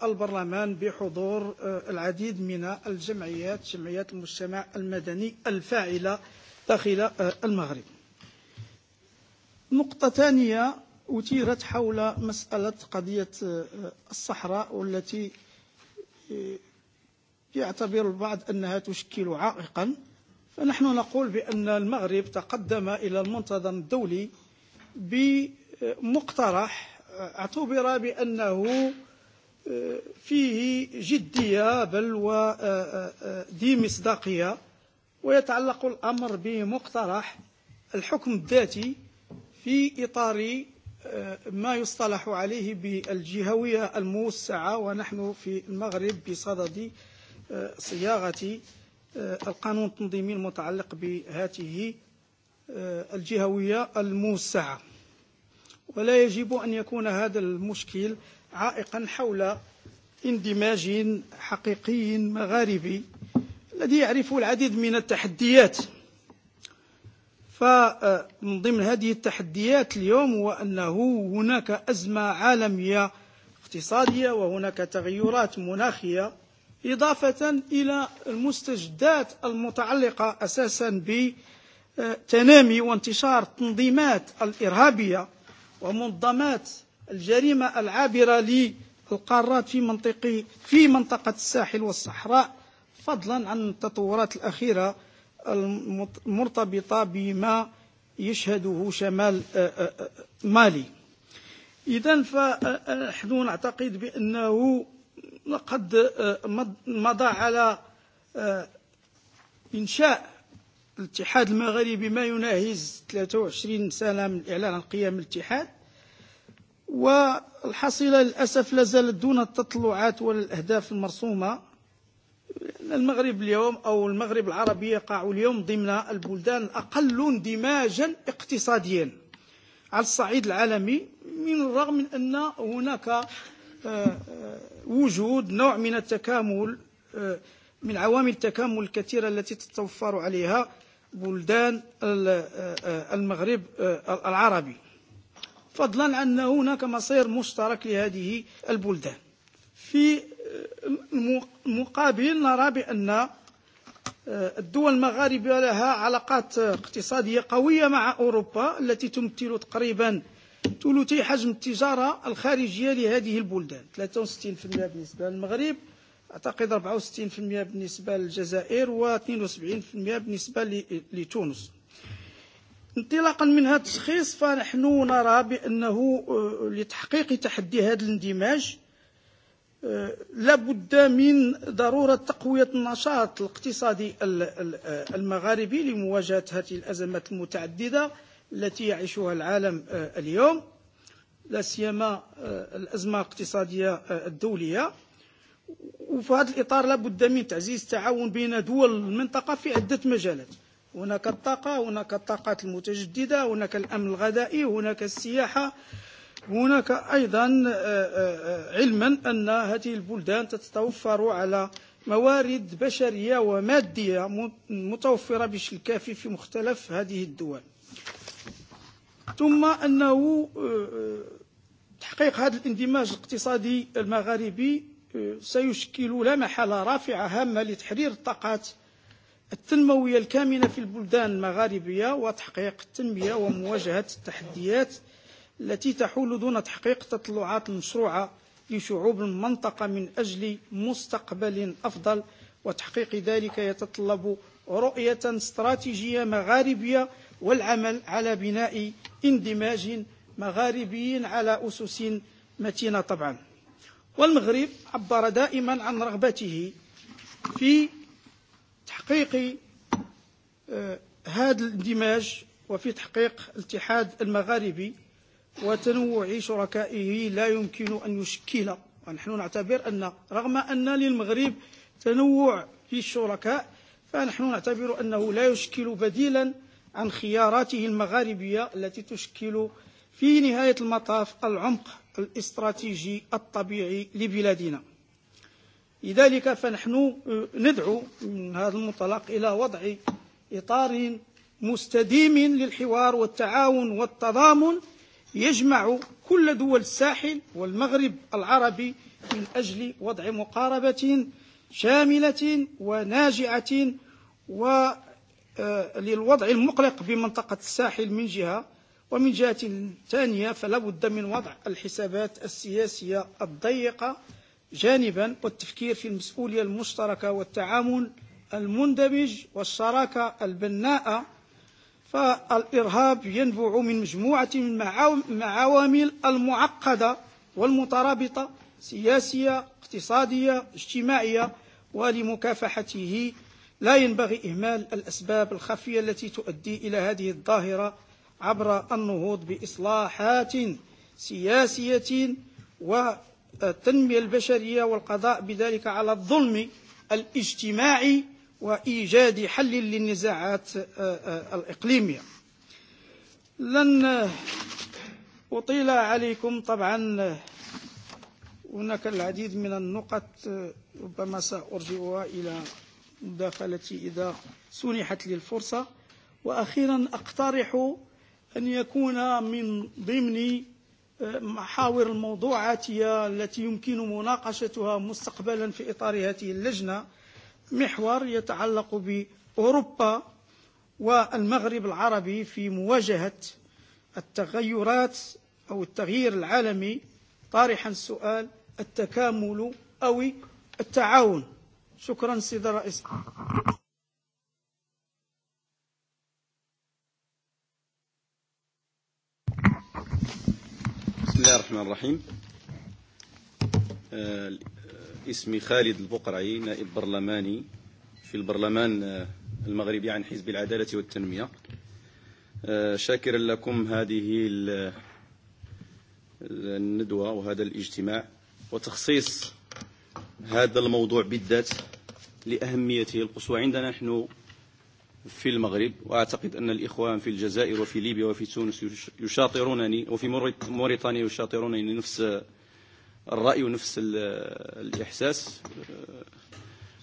البرلمان بحضور العديد من الجمعيات جمعيات المجتمع المدني الفاعلة داخل المغرب نقطة ثانية أثيرت حول مسألة قضية الصحراء والتي يعتبر البعض أنها تشكل عائقا فنحن نقول بأن المغرب تقدم إلى المنتظم الدولي بمقترح اعتبر بأنه فيه جدية بل وذي مصداقية ويتعلق الأمر بمقترح الحكم الذاتي في إطار ما يصطلح عليه بالجهويه الموسعة ونحن في المغرب بصدد صياغه القانون التنظيمي المتعلق بهاته الجهوية الموسعه ولا يجب أن يكون هذا المشكل عائقا حول اندماج حقيقي مغاربي الذي يعرف العديد من التحديات فمن ضمن هذه التحديات اليوم هو أنه هناك أزمة عالميه اقتصاديه وهناك تغيرات مناخية إضافة إلى المستجدات المتعلقة أساسا بتنامي وانتشار تنظيمات الإرهابية ومنظمات الجريمة العابرة للقارات في منطقة في منطقة الساحل والصحراء فضلا عن التطورات الأخيرة المرتبطة بما يشهده شمال مالي إذا فنحن نعتقد بأنه قد مضى على إنشاء الاتحاد المغربي ما يناهز 23 سنة من إعلان قيام الاتحاد والحصيلة للأسف لازالت دون التطلعات ولا الأهداف المرسومة المغرب اليوم أو المغرب العربي يقع اليوم ضمن البلدان الأقل اندماجا اقتصاديا على الصعيد العالمي من الرغم من أن هناك وجود نوع من التكامل من عوامل التكامل الكثيرة التي تتوفر عليها بلدان المغرب العربي فضلا عن أن هناك مصير مشترك لهذه البلدان في مقابل نرى بأن الدول المغاربة لها علاقات اقتصادية قوية مع أوروبا التي تمثل تقريبا ثلثي حجم التجارة الخارجية لهذه البلدان 63% بالنسبة للمغرب أعتقد 64% بالنسبة للجزائر و72% بالنسبة لتونس انطلاقا من هذا التشخيص فنحن نرى بأنه لتحقيق تحدي هذا الاندماج لابد من ضرورة تقوية النشاط الاقتصادي المغاربي لمواجهة هذه الأزمات المتعددة التي يعيشها العالم اليوم لا سيما الأزمة الاقتصادية الدولية وفي هذا الإطار لابد من تعزيز التعاون بين دول المنطقة في عدة مجالات هناك الطاقة هناك الطاقات المتجددة هناك الأمن الغذائي هناك السياحة هناك أيضا علما أن هذه البلدان تتوفر على موارد بشرية ومادية متوفرة بشكل كافي في مختلف هذه الدول ثم أنه تحقيق هذا الاندماج الاقتصادي المغاربي سيشكل لا محالة رافعة هامة لتحرير الطاقات التنموية الكامنة في البلدان المغاربية وتحقيق التنمية ومواجهة التحديات التي تحول دون تحقيق تطلعات مشروعة لشعوب المنطقة من أجل مستقبل أفضل وتحقيق ذلك يتطلب رؤية استراتيجية مغاربية والعمل على بناء اندماج مغاربي على أسس متينة طبعا والمغرب عبر دائما عن رغبته في تحقيق هذا الاندماج وفي تحقيق الاتحاد المغاربي وتنوع شركائه لا يمكن أن يشكل ونحن نعتبر أن رغم أن للمغرب تنوع في الشركاء فنحن نعتبر أنه لا يشكل بديلا عن خياراته المغاربية التي تشكل في نهاية المطاف العمق الاستراتيجي الطبيعي لبلادنا لذلك فنحن ندعو من هذا المنطلق إلى وضع إطار مستديم للحوار والتعاون والتضامن يجمع كل دول الساحل والمغرب العربي من أجل وضع مقاربة شاملة وناجعة وللوضع المقلق في منطقة الساحل من جهة ومن جهة ثانيه فلا بد من وضع الحسابات السياسية الضيقة جانبا والتفكير في المسؤولية المشتركة والتعامل المندمج والشراكه البناءة فالإرهاب ينبع من مجموعة من عوامل المعقدة والمترابطة سياسية اقتصادية اجتماعية ولمكافحته لا ينبغي إهمال الأسباب الخفية التي تؤدي إلى هذه الظاهرة عبر النهوض بإصلاحات سياسية والتنمية البشرية والقضاء بذلك على الظلم الاجتماعي وإيجاد حل للنزاعات الإقليمية لن أطيل عليكم طبعا هناك العديد من النقط ربما سأرجعها إلى مداخلتي إذا سنحت لي الفرصة وأخيرا أقترح أن يكون من ضمن محاور الموضوعاتيه التي يمكن مناقشتها مستقبلا في إطار هذه اللجنة محور يتعلق بأوروبا والمغرب العربي في مواجهة التغيرات أو التغيير العالمي طارحا سؤال التكامل أو التعاون شكرا سيد الرئيس بسم الله الرحمن الرحيم اسمي خالد البقرعي نائب برلماني في البرلمان المغربي عن حزب العدالة والتنمية شاكرا لكم هذه الندوة وهذا الاجتماع وتخصيص هذا الموضوع بالذات لأهميته القصوى عندنا نحن في المغرب وأعتقد أن الإخوان في الجزائر وفي ليبيا وفي تونس يشاطرونني وفي موريتانيا يشاطرونني نفس الرأي ونفس الإحساس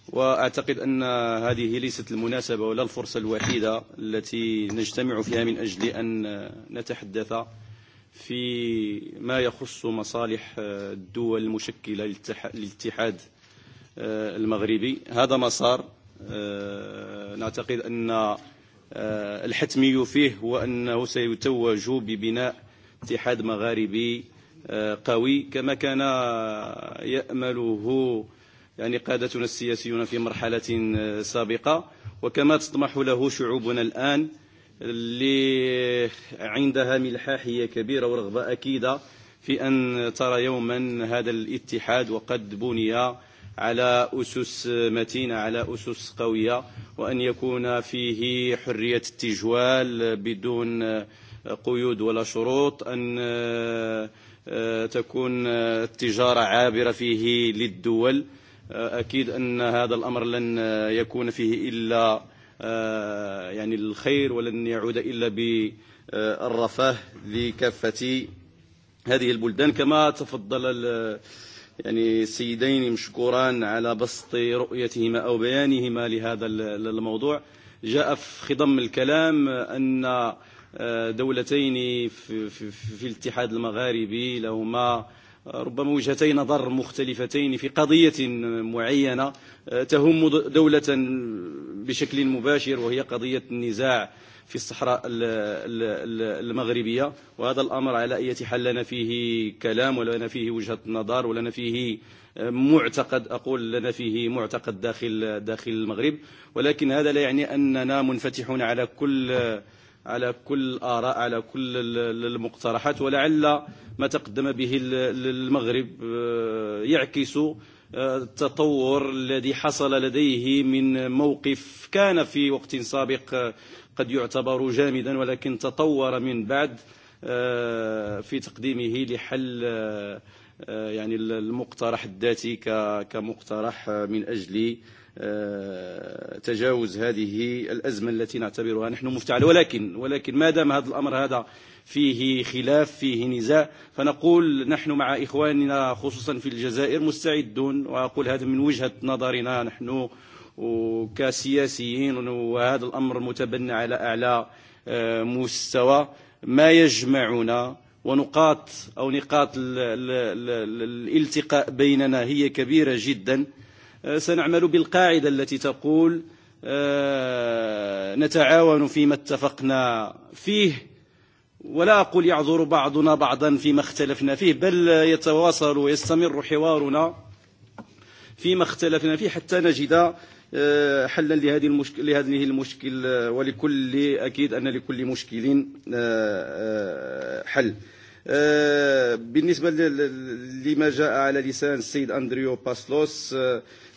وأعتقد أن هذه ليست المناسبة ولا الفرصة الوحيدة التي نجتمع فيها من أجل أن نتحدث في ما يخص مصالح الدول المشكلة للاتحاد المغربي هذا مسار نعتقد أن الحتمي فيه هو أنه سيتوج ببناء اتحاد مغاربي قوي كما كان يأمله يعني قادتنا السياسيون في مرحلة سابقة وكما تطمح له شعوبنا الآن اللي عندها ملحاحية كبيرة ورغبة أكيدة في أن ترى يوما هذا الاتحاد وقد بني على أسس متينة على أسس قوية وأن يكون فيه حرية التجوال بدون قيود ولا شروط أن تكون التجارة عابرة فيه للدول أكيد أن هذا الأمر لن يكون فيه إلا يعني الخير ولن يعود إلا بالرفاه لكافة هذه البلدان كما تفضل يعني السيدين مشكوران على بسط رؤيتهما أو بيانهما لهذا الموضوع جاء في خضم الكلام أن دولتين في الاتحاد المغاربي لهما ربما وجهتين نظر مختلفتين في قضية معينة تهم دولة بشكل مباشر وهي قضية النزاع في الصحراء المغربية وهذا الأمر على أي حال لنا فيه كلام ولنا فيه وجهة نظر ولنا فيه معتقد أقول لنا فيه معتقد داخل داخل المغرب ولكن هذا لا يعني أننا منفتحون على كل على كل الآراء على كل المقترحات ولعل ما تقدم به المغرب يعكس التطور الذي حصل لديه من موقف كان في وقت سابق قد يعتبر جامدا ولكن تطور من بعد في تقديمه لحل يعني المقترح الذاتي كمقترح من أجل تجاوز هذه الأزمة التي نعتبرها نحن مفتعلة ولكن ولكن ما دام هذا الأمر هذا فيه خلاف فيه نزاع فنقول نحن مع إخواننا خصوصا في الجزائر مستعدون وأقول هذا من وجهة نظرنا نحن كسياسيين وهذا الأمر متبنى على أعلى مستوى ما يجمعنا ونقاط أو نقاط الالتقاء بيننا هي كبيرة جداً سنعمل بالقاعدة التي تقول نتعاون فيما اتفقنا فيه ولا أقول يعذر بعضنا بعضا فيما اختلفنا فيه بل يتواصل ويستمر حوارنا فيما اختلفنا فيه حتى نجد حلا لهذه المشكل لهذه المشكل ولكل اكيد ان لكل مشكل حل بالنسبه لما جاء على لسان السيد اندريو باسلوس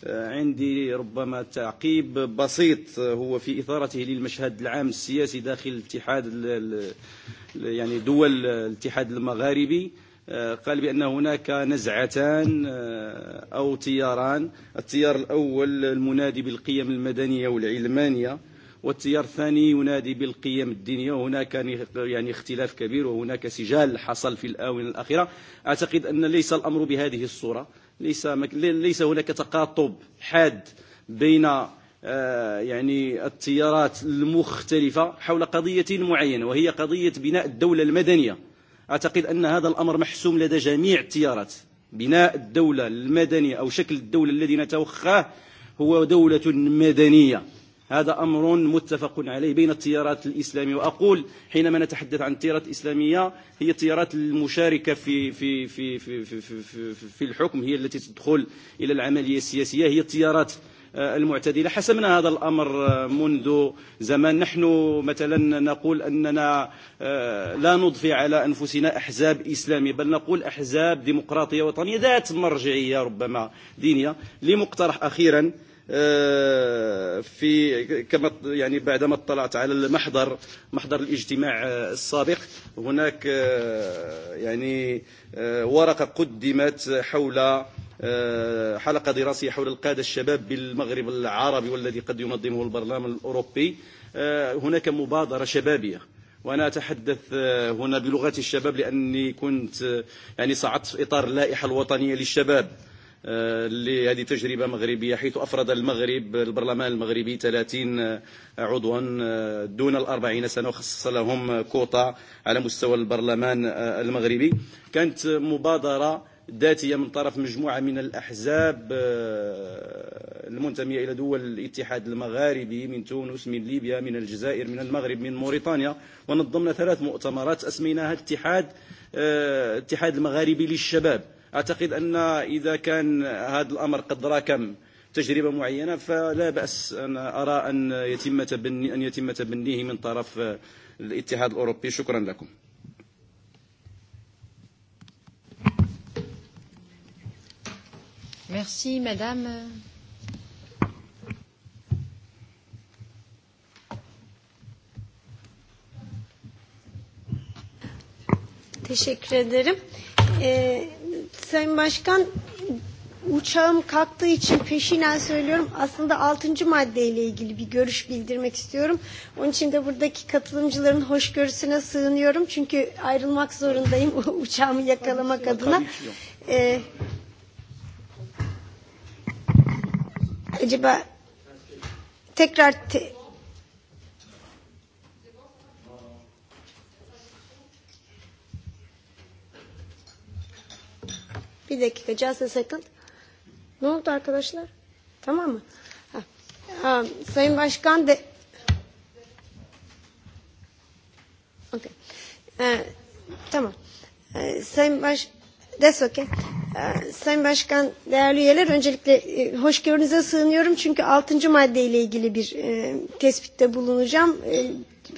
عندي ربما تعقيب بسيط هو في إثارته للمشهد العام السياسي داخل الاتحاد يعني دول الاتحاد المغاربي قال بأن هناك نزعتان أو تياران التيار الأول المنادي بالقيم المدنيه والعلمانيه والتيار الثاني ينادي بالقيم الدينية وهناك يعني اختلاف كبير وهناك سجال حصل في الاونه الأخيرة أعتقد أن ليس الأمر بهذه الصورة ليس ليس هناك تقاطب حاد بين يعني التيارات المختلفة حول قضية معينة وهي قضية بناء الدولة المدنية أعتقد أن هذا الأمر محسوم لدى جميع التيارات بناء الدولة المدنية أو شكل الدولة الذي نتوخاه هو دولة مدنية هذا أمر متفق عليه بين التيارات الإسلامية وأقول حينما نتحدث عن التيارات الإسلامية هي التيارات المشاركة في, في, في, في, في, في, في الحكم هي التي تدخل إلى العملية السياسية هي التيارات المعتدلة حسمنا هذا الأمر منذ زمان نحن مثلا نقول أننا لا نضفي على أنفسنا أحزاب إسلامية بل نقول أحزاب ديمقراطية وطنية ذات مرجعية ربما دينية لمقترح أخيرا في كما يعني بعدما اطلعت على المحضر محضر الاجتماع السابق هناك يعني ورقه قدمت حول حلقه دراسيه حول القاده الشباب بالمغرب العربي والذي قد ينظمه البرلمان الاوروبي هناك مبادره شبابيه وانا اتحدث هنا بلغه الشباب لاني كنت يعني صعدت في اطار اللائحه الوطنيه للشباب لهذه التجربة مغربية حيث أفرد المغرب البرلمان المغربي 30 عضوا دون الأربعين سنة وخصص لهم كوطة على مستوى البرلمان المغربي كانت مبادرة ذاتية من طرف مجموعة من الأحزاب المنتمية إلى دول الاتحاد المغاربي من تونس من ليبيا من الجزائر من المغرب من موريتانيا ونظمنا ثلاث مؤتمرات أسميناها اتحاد اتحاد المغاربي للشباب أعتقد أن إذا كان هذا الأمر قد راكم تجربة معينة فلا بأس أن أرى أن يتم تبني أن يتم تبنيه من طرف الاتحاد الأوروبي شكرا لكم Merci, Madame. Teşekkür ederim. Ee, Sayın Başkan uçağım kalktığı için peşinen söylüyorum aslında 6. maddeyle ilgili bir görüş bildirmek istiyorum. Onun için de buradaki katılımcıların hoşgörüsüne sığınıyorum. Çünkü ayrılmak zorundayım uçağımı yakalamak adına. Ee, acaba tekrar te Bir dakika just a second. Ne oldu arkadaşlar? Tamam mı? Ha. Ha, Sayın Başkan de... Okay. Ee, tamam. Ee, Sayın Baş... That's okay. Sayın Başkan, değerli üyeler, öncelikle hoşgörünüze sığınıyorum çünkü 6. maddeyle ilgili bir tespitte bulunacağım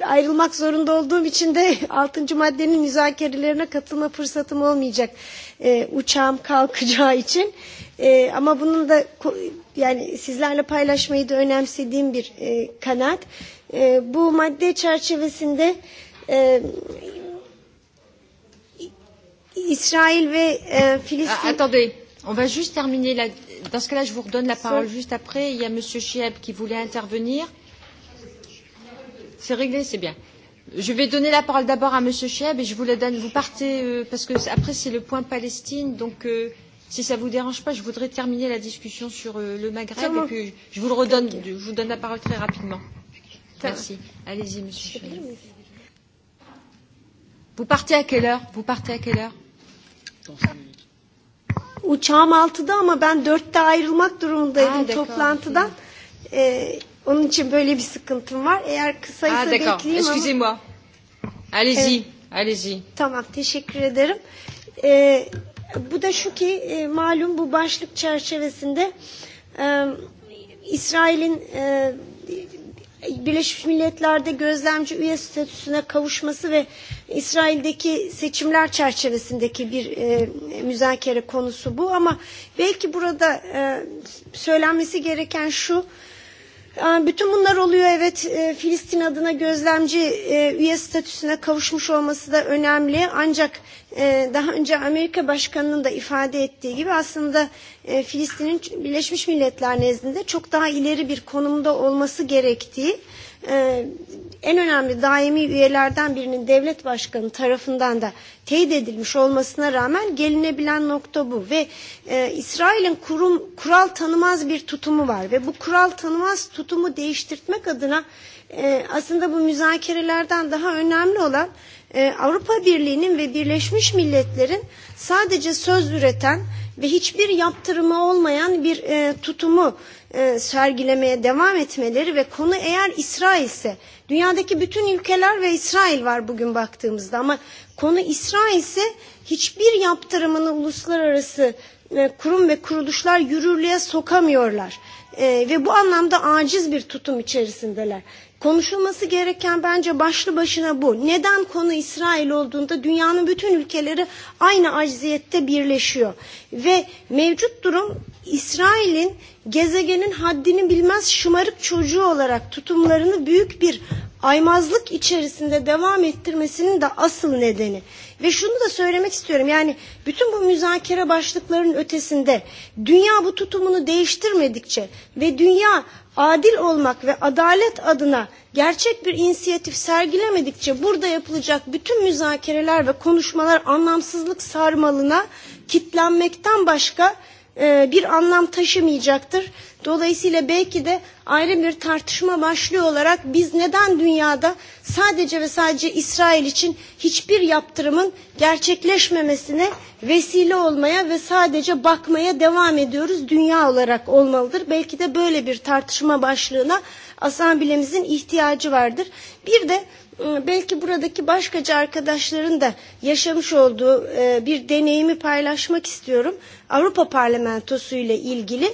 ayrılmak zorunda olduğum için de 6. maddenin müzakerelerine katılma fırsatım olmayacak e, uçağım kalkacağı için. E, ama bunun da yani sizlerle paylaşmayı da önemsediğim bir e, kanaat. E, bu madde çerçevesinde e, İsrail ve Filistin... Ah, Attendez, on va juste terminer la. Dans ce cas-là, je vous redonne la parole juste après. Il y a Monsieur Chieb qui voulait intervenir C'est réglé, c'est bien. Je vais donner la parole d'abord à Monsieur Cheb et je vous la donne. Vous partez parce que après c'est le point Palestine, donc si ça vous dérange pas, je voudrais terminer la discussion sur le Maghreb et puis je vous le redonne. Je vous donne la parole très rapidement. Merci. Allez-y, Monsieur Cheb. Vous partez à quelle heure Vous partez à quelle heure Uçağım 6'da ama ben 4'te ayrılmak durumundaydım toplantıdan. Onun için böyle bir sıkıntım var. Eğer kısaysa ah, bekleyeyim ama... Excusez-moi. Allez-y. Evet. Allez-y. Tamam teşekkür ederim. Ee, bu da şu ki e, malum bu başlık çerçevesinde e, İsrail'in e, Birleşmiş Milletler'de gözlemci üye statüsüne kavuşması ve İsrail'deki seçimler çerçevesindeki bir e, müzakere konusu bu ama belki burada e, söylenmesi gereken şu e, Bütün bunlar oluyor. Evet Filistin adına gözlemci üye statüsüne kavuşmuş olması da önemli. Ancak daha önce Amerika Başkanı'nın da ifade ettiği gibi aslında Filistin'in Birleşmiş Milletler nezdinde çok daha ileri bir konumda olması gerektiği en önemli daimi üyelerden birinin devlet başkanı tarafından da teyit edilmiş olmasına rağmen gelinebilen nokta bu ve İsrail'in kurum kural tanımaz bir tutumu var ve bu kural tanımaz tutumu değiştirtmek adına aslında bu müzakerelerden daha önemli olan Avrupa Birliği'nin ve Birleşmiş Milletler'in sadece söz üreten ve hiçbir yaptırımı olmayan bir tutumu sergilemeye devam etmeleri ve konu eğer İsrail ise dünyadaki bütün ülkeler ve İsrail var bugün baktığımızda ama konu İsrail ise hiçbir yaptırımını uluslararası kurum ve kuruluşlar yürürlüğe sokamıyorlar ve bu anlamda aciz bir tutum içerisindeler. Konuşulması gereken bence başlı başına bu. Neden konu İsrail olduğunda dünyanın bütün ülkeleri aynı acziyette birleşiyor. Ve mevcut durum İsrail'in gezegenin haddini bilmez şımarık çocuğu olarak tutumlarını büyük bir aymazlık içerisinde devam ettirmesinin de asıl nedeni. Ve şunu da söylemek istiyorum yani bütün bu müzakere başlıklarının ötesinde dünya bu tutumunu değiştirmedikçe ve dünya adil olmak ve adalet adına gerçek bir inisiyatif sergilemedikçe burada yapılacak bütün müzakereler ve konuşmalar anlamsızlık sarmalına kitlenmekten başka bir anlam taşımayacaktır. Dolayısıyla belki de ayrı bir tartışma başlığı olarak biz neden dünyada sadece ve sadece İsrail için hiçbir yaptırımın gerçekleşmemesine vesile olmaya ve sadece bakmaya devam ediyoruz dünya olarak olmalıdır. Belki de böyle bir tartışma başlığına asambilemizin ihtiyacı vardır. Bir de belki buradaki başkacı arkadaşların da yaşamış olduğu bir deneyimi paylaşmak istiyorum. Avrupa Parlamentosu ile ilgili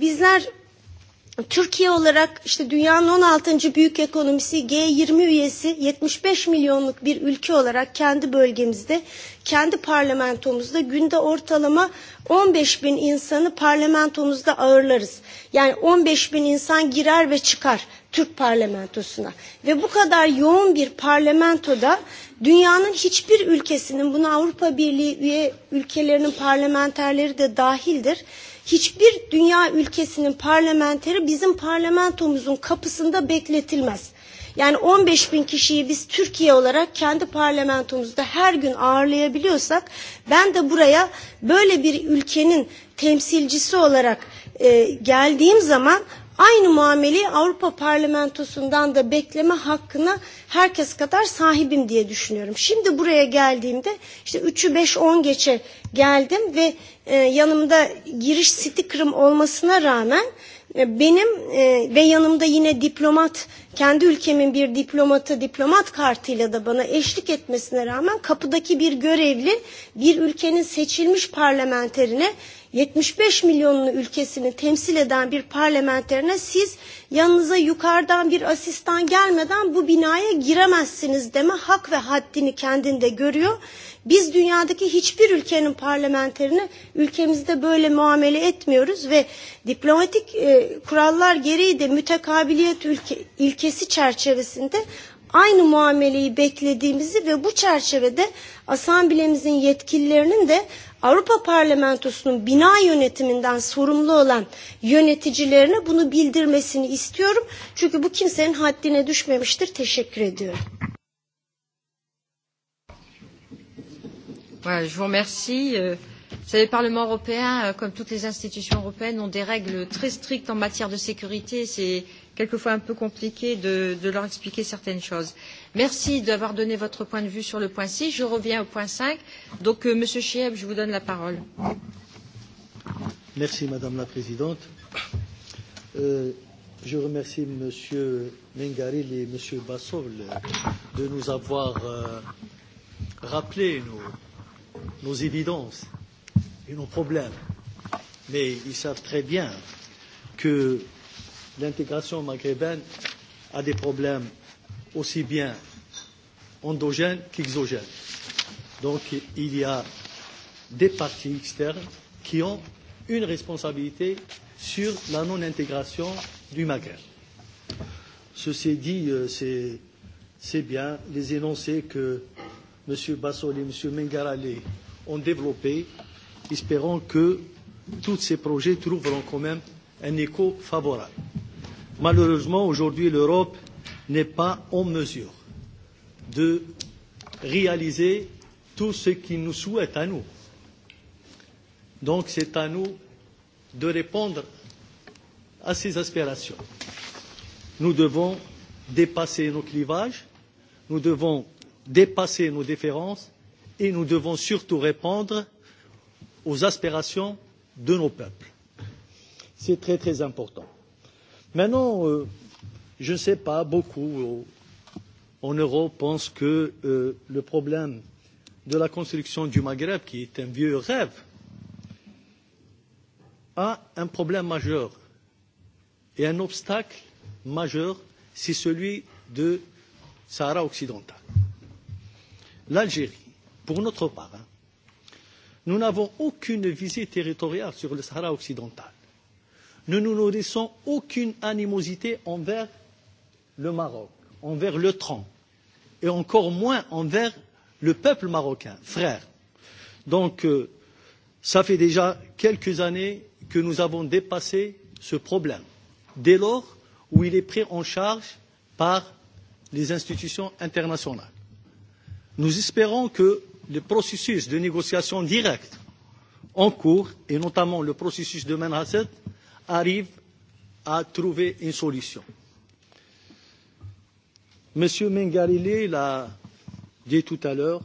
bizler Türkiye olarak işte dünyanın 16. büyük ekonomisi G20 üyesi 75 milyonluk bir ülke olarak kendi bölgemizde, kendi parlamentomuzda günde ortalama 15 bin insanı parlamentomuzda ağırlarız. Yani 15 bin insan girer ve çıkar Türk parlamentosuna ve bu kadar yoğun bir parlamentoda dünyanın hiçbir ülkesinin buna Avrupa Birliği üye ülkelerinin parlamenterleri de dahildir. Hiçbir dünya ülkesinin parlamenteri bizim parlamentomuzun kapısında bekletilmez. Yani 15 bin kişiyi biz Türkiye olarak kendi parlamentomuzda her gün ağırlayabiliyorsak ben de buraya böyle bir ülkenin temsilcisi olarak geldiğim zaman Aynı muameleyi Avrupa Parlamentosu'ndan da bekleme hakkına herkes kadar sahibim diye düşünüyorum. Şimdi buraya geldiğimde işte 3'ü 5 10 geçe geldim ve yanımda giriş sticker'ım olmasına rağmen benim ve yanımda yine diplomat kendi ülkemin bir diplomatı diplomat kartıyla da bana eşlik etmesine rağmen kapıdaki bir görevli bir ülkenin seçilmiş parlamenterine 75 milyonlu ülkesini temsil eden bir parlamenterine siz yanınıza yukarıdan bir asistan gelmeden bu binaya giremezsiniz deme hak ve haddini kendinde görüyor. Biz dünyadaki hiçbir ülkenin parlamenterini ülkemizde böyle muamele etmiyoruz ve diplomatik kurallar gereği de mütekabiliyet ilkesi çerçevesinde aynı muameleyi beklediğimizi ve bu çerçevede asamblemizin yetkililerinin de Avrupa Parlamentosu'nun bina yönetiminden sorumlu olan yöneticilerine bunu bildirmesini istiyorum. Çünkü bu kimsenin haddine düşmemiştir. Teşekkür ediyorum. Voilà, je vous remercie. Vous savez, le Parlement européen, comme toutes les institutions européennes, ont des règles très strictes en matière de sécurité. C'est quelquefois un peu compliqué de leur expliquer certaines choses. Merci d'avoir donné votre point de vue sur le point 6. Je reviens au point 5. Donc, Monsieur Chieb, je vous donne la parole. Merci, Madame la Présidente. Je remercie Monsieur Mengaril et Monsieur Bassol de nous avoir rappelé nos évidences et nos problèmes. Mais ils savent très bien que l'intégration maghrébine a des problèmes aussi bien endogènes qu'exogènes. Donc il y a des parties externes qui ont une responsabilité sur la non-intégration du Maghreb. Ceci dit, c'est bien les énoncés que M. Bassol et M. Mengarale ont développés, espérant que tous ces projets trouveront quand même un écho favorable. Malheureusement, aujourd'hui, l'Europe n'est pas en mesure de réaliser tout ce qu'il nous souhaite à nous. Donc c'est à nous de répondre à ces aspirations. Nous devons dépasser nos clivages, nous devons dépasser nos différences et nous devons surtout répondre aux aspirations de nos peuples. C'est très très important. Maintenant, je ne sais pas, beaucoup en Europe pensent que le problème de la construction du Maghreb, qui est un vieux rêve, a un problème majeur et un obstacle majeur, c'est celui de Sahara occidental. L'Algérie, pour notre part, nous n'avons aucune visée territoriale sur le Sahara occidental. Nous ne nourrissons aucune animosité envers le Maroc, envers le l'OTAN, et encore moins envers le peuple marocain, frère. Donc, ça fait déjà quelques années que nous avons dépassé ce problème, dès lors où il est pris en charge par les institutions internationales. Nous espérons que le processus de négociation directe en cours, et notamment le processus de Manhasset, arrive à trouver une solution. M. mingarelli l'a dit tout à l'heure,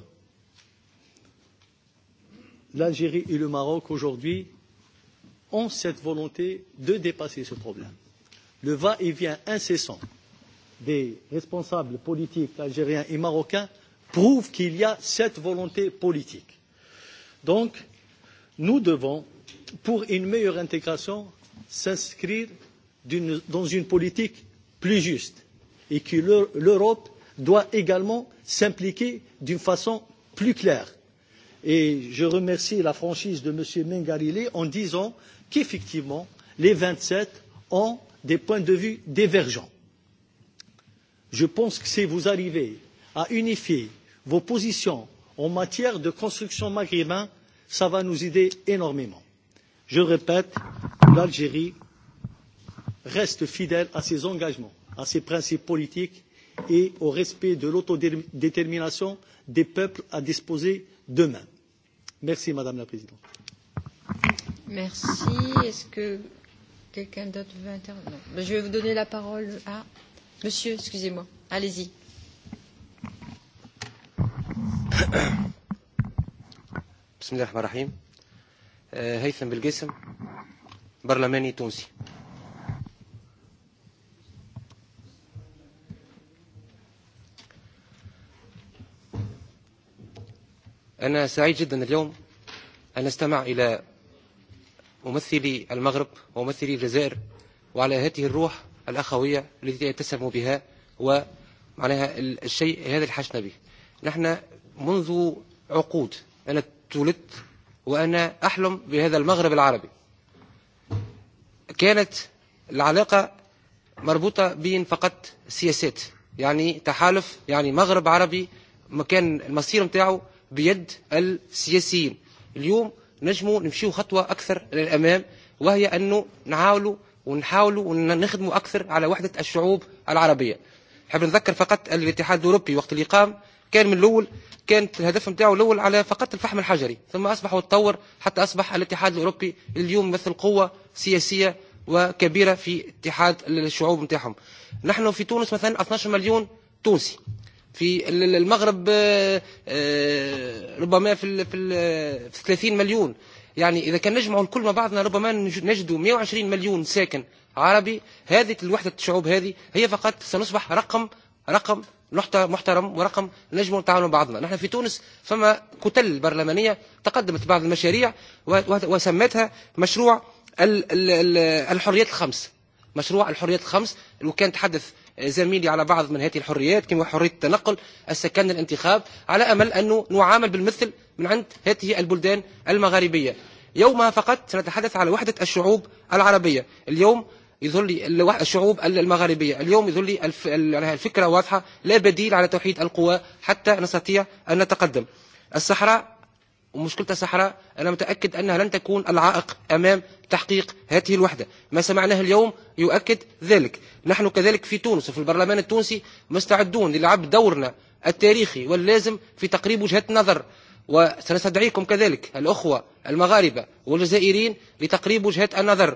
l'Algérie et le Maroc aujourd'hui ont cette volonté de dépasser ce problème. Le va-et-vient incessant des responsables politiques algériens et marocains prouve qu'il y a cette volonté politique. Donc, nous devons, pour une meilleure intégration, s'inscrire dans une politique plus juste et que l'Europe doit également s'impliquer d'une façon plus claire. Et je remercie la franchise de M. Mengarile en disant qu'effectivement, les vingt sept ont des points de vue divergents. Je pense que si vous arrivez à unifier vos positions en matière de construction maghrébine cela va nous aider énormément. Je répète, l'Algérie reste fidèle à ses engagements à ces principes politiques et au respect de l'autodétermination des peuples à disposer d'eux-mêmes. Merci, Madame la Présidente. Merci. Est-ce que quelqu'un d'autre veut intervenir Je vais vous donner la parole à Monsieur, excusez-moi. Allez-y. بسم الله الرحمن الرحيم هيثم بالقسم برلماني تونسي أنا سعيد جدا اليوم أن أستمع إلى ممثلي المغرب وممثلي الجزائر وعلى هذه الروح الأخوية التي يتسم بها ومعناها الشيء هذا الحشن به نحن منذ عقود أنا تولدت وأنا أحلم بهذا المغرب العربي كانت العلاقة مربوطة بين فقط سياسات يعني تحالف يعني مغرب عربي مكان المصير نتاعو بيد السياسيين اليوم نجموا نمشيو خطوة أكثر للأمام وهي أنه نحاولوا ونحاولوا ونخدموا أكثر على وحدة الشعوب العربية حاب نذكر فقط الاتحاد الأوروبي وقت اللي قام كان من الأول كانت الهدف نتاعو الأول على فقط الفحم الحجري ثم أصبح وتطور حتى أصبح الاتحاد الأوروبي اليوم مثل قوة سياسية وكبيرة في اتحاد الشعوب نتاعهم نحن في تونس مثلا 12 مليون تونسي في المغرب ربما في في 30 مليون يعني اذا كان نجمعوا الكل مع بعضنا ربما نجدوا 120 مليون ساكن عربي هذه الوحده الشعوب هذه هي فقط سنصبح رقم رقم محترم ورقم نجم تعاون بعضنا نحن في تونس فما كتل برلمانية تقدمت بعض المشاريع وسمتها مشروع الحريات الخمس مشروع الحريات الخمس وكان تحدث زميلي على بعض من هذه الحريات كما حرية التنقل السكن الانتخاب على امل أن نعامل بالمثل من عند هذه البلدان المغاربيه يومها فقط سنتحدث على وحدة الشعوب العربية. اليوم يظل الشعوب المغاربية اليوم يظل الفكرة واضحة لا بديل على توحيد القوى حتى نستطيع أن نتقدم الصحراء ومشكلة الصحراء أنا متأكد أنها لن تكون العائق أمام تحقيق هذه الوحدة ما سمعناه اليوم يؤكد ذلك نحن كذلك في تونس في البرلمان التونسي مستعدون للعب دورنا التاريخي واللازم في تقريب وجهة نظر وسنستدعيكم كذلك الأخوة المغاربة والجزائريين لتقريب وجهة النظر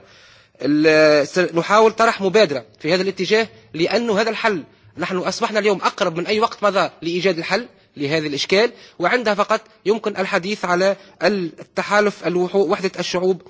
نحاول طرح مبادرة في هذا الاتجاه لأن هذا الحل نحن أصبحنا اليوم أقرب من أي وقت مضى لإيجاد الحل لهذا الإشكال وعندها فقط يمكن الحديث على التحالف وحدة الشعوب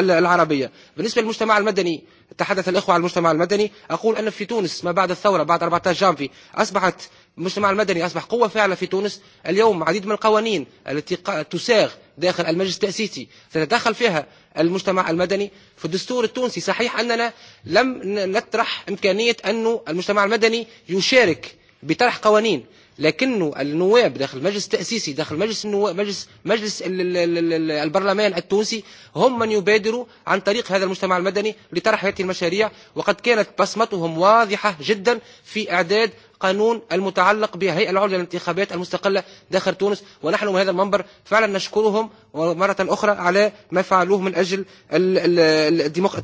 العربية بالنسبة للمجتمع المدني تحدث الإخوة عن المجتمع المدني أقول أن في تونس ما بعد الثورة بعد 14 جانفي أصبحت المجتمع المدني أصبح قوة فعلة في تونس اليوم عديد من القوانين التي تساغ داخل المجلس التأسيسي تتدخل فيها المجتمع المدني في الدستور التونسي صحيح أننا لم نطرح إمكانية أن المجتمع المدني يشارك بطرح قوانين لكنه النواب داخل المجلس التأسيسي داخل مجلس النواب مجلس مجلس البرلمان التونسي هم من يبادروا عن طريق هذا المجتمع المدني لطرح هذه المشاريع وقد كانت بصمتهم واضحة جدا في إعداد القانون المتعلق بهيئة العليا للانتخابات المستقلة داخل تونس ونحن من هذا المنبر فعلا نشكرهم مرة أخرى على ما فعلوه من أجل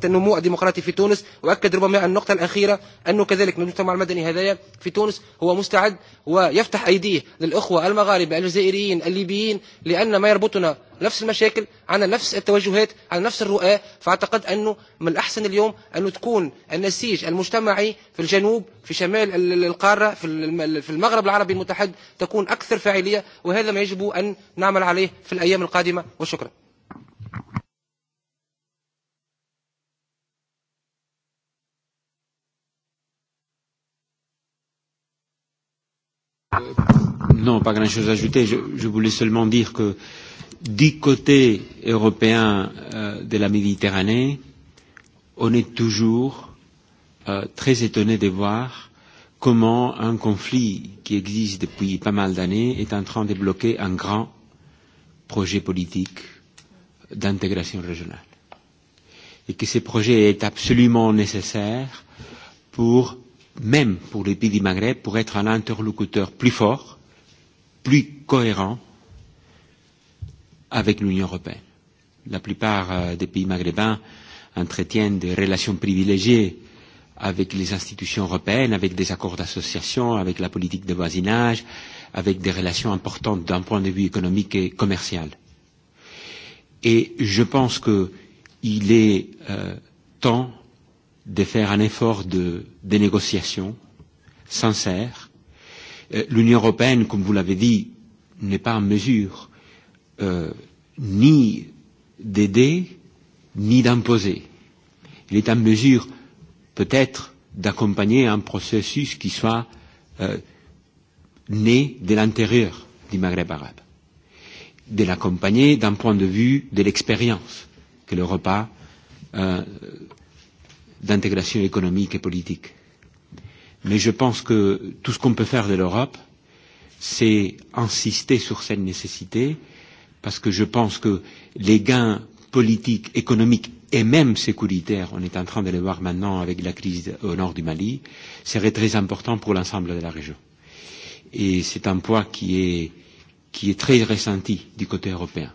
النمو الديمقراطي في تونس وأكد ربما النقطة الأخيرة أنه كذلك المجتمع المدني هذايا في تونس هو مستعد ويفتح أيديه للإخوة المغاربة الجزائريين الليبيين لأن ما يربطنا نفس المشاكل على نفس التوجهات على نفس الرؤى فأعتقد أنه من الأحسن اليوم أن تكون النسيج المجتمعي في الجنوب في شمال القارة في المغرب العربي المتحد تكون أكثر فاعلية وهذا ما يجب أن نعمل عليه في الأيام القادمة وشكرا Non, pas grand-chose à ajouter. Je, je voulais seulement dire que du côté européen de la Méditerranée, on est toujours très étonné de voir comment un conflit qui existe depuis pas mal d'années est en train de bloquer un grand projet politique d'intégration régionale. Et que ce projet est absolument nécessaire pour, même pour les pays du Maghreb, pour être un interlocuteur plus fort, plus cohérent avec l'Union européenne. La plupart des pays maghrébins entretiennent des relations privilégiées avec les institutions européennes, avec des accords d'association, avec la politique de voisinage, avec des relations importantes d'un point de vue économique et commercial. Et je pense qu'il est temps de faire un effort de négociation sincère. L'Union européenne, comme vous l'avez dit, n'est pas en mesure ni d'aider ni d'imposer. Il est en mesure peut-être d'accompagner un processus qui soit né de l'intérieur du Maghreb arabe, de l'accompagner d'un point de vue de l'expérience que le repas d'intégration économique et politique. Mais je pense que tout ce qu'on peut faire de l'Europe, c'est insister sur cette nécessité parce que je pense que les gains politiques, économiques et même sécuritaires, on est en train de les voir maintenant avec la crise au nord du Mali, seraient très importants pour l'ensemble de la région. Et c'est un poids qui est, qui est très ressenti du côté européen.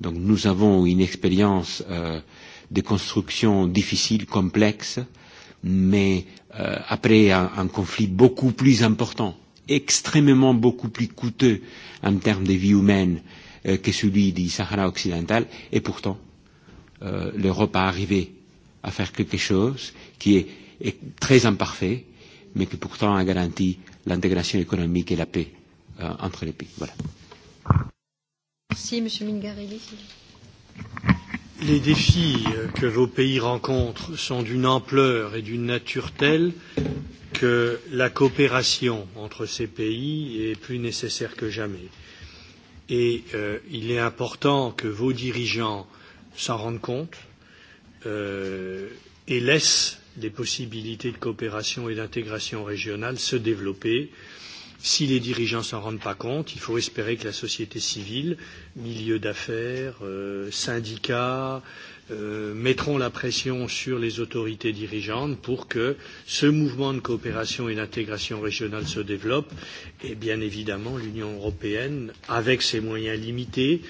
Donc nous avons une expérience de construction difficile, complexe, mais après un conflit beaucoup plus important, extrêmement beaucoup plus coûteux en termes de vie humaine, que celui du Sahara occidental. Et pourtant, l'Europe a arrivé à faire quelque chose qui est très imparfait, mais qui pourtant a garanti l'intégration économique et la paix entre les pays. Voilà. Merci, Monsieur Mingarelli. Les défis que vos pays rencontrent sont d'une ampleur et d'une nature telle que la coopération entre ces pays est plus nécessaire que jamais. Et il est important que vos dirigeants s'en rendent compte et laissent les possibilités de coopération et d'intégration régionale se développer. Si les dirigeants ne s'en rendent pas compte, il faut espérer que la société civile, milieu d'affaires, syndicats, mettront la pression sur les autorités dirigeantes pour que ce mouvement de coopération et d'intégration régionale se développe et bien évidemment l'Union européenne, avec ses moyens limités,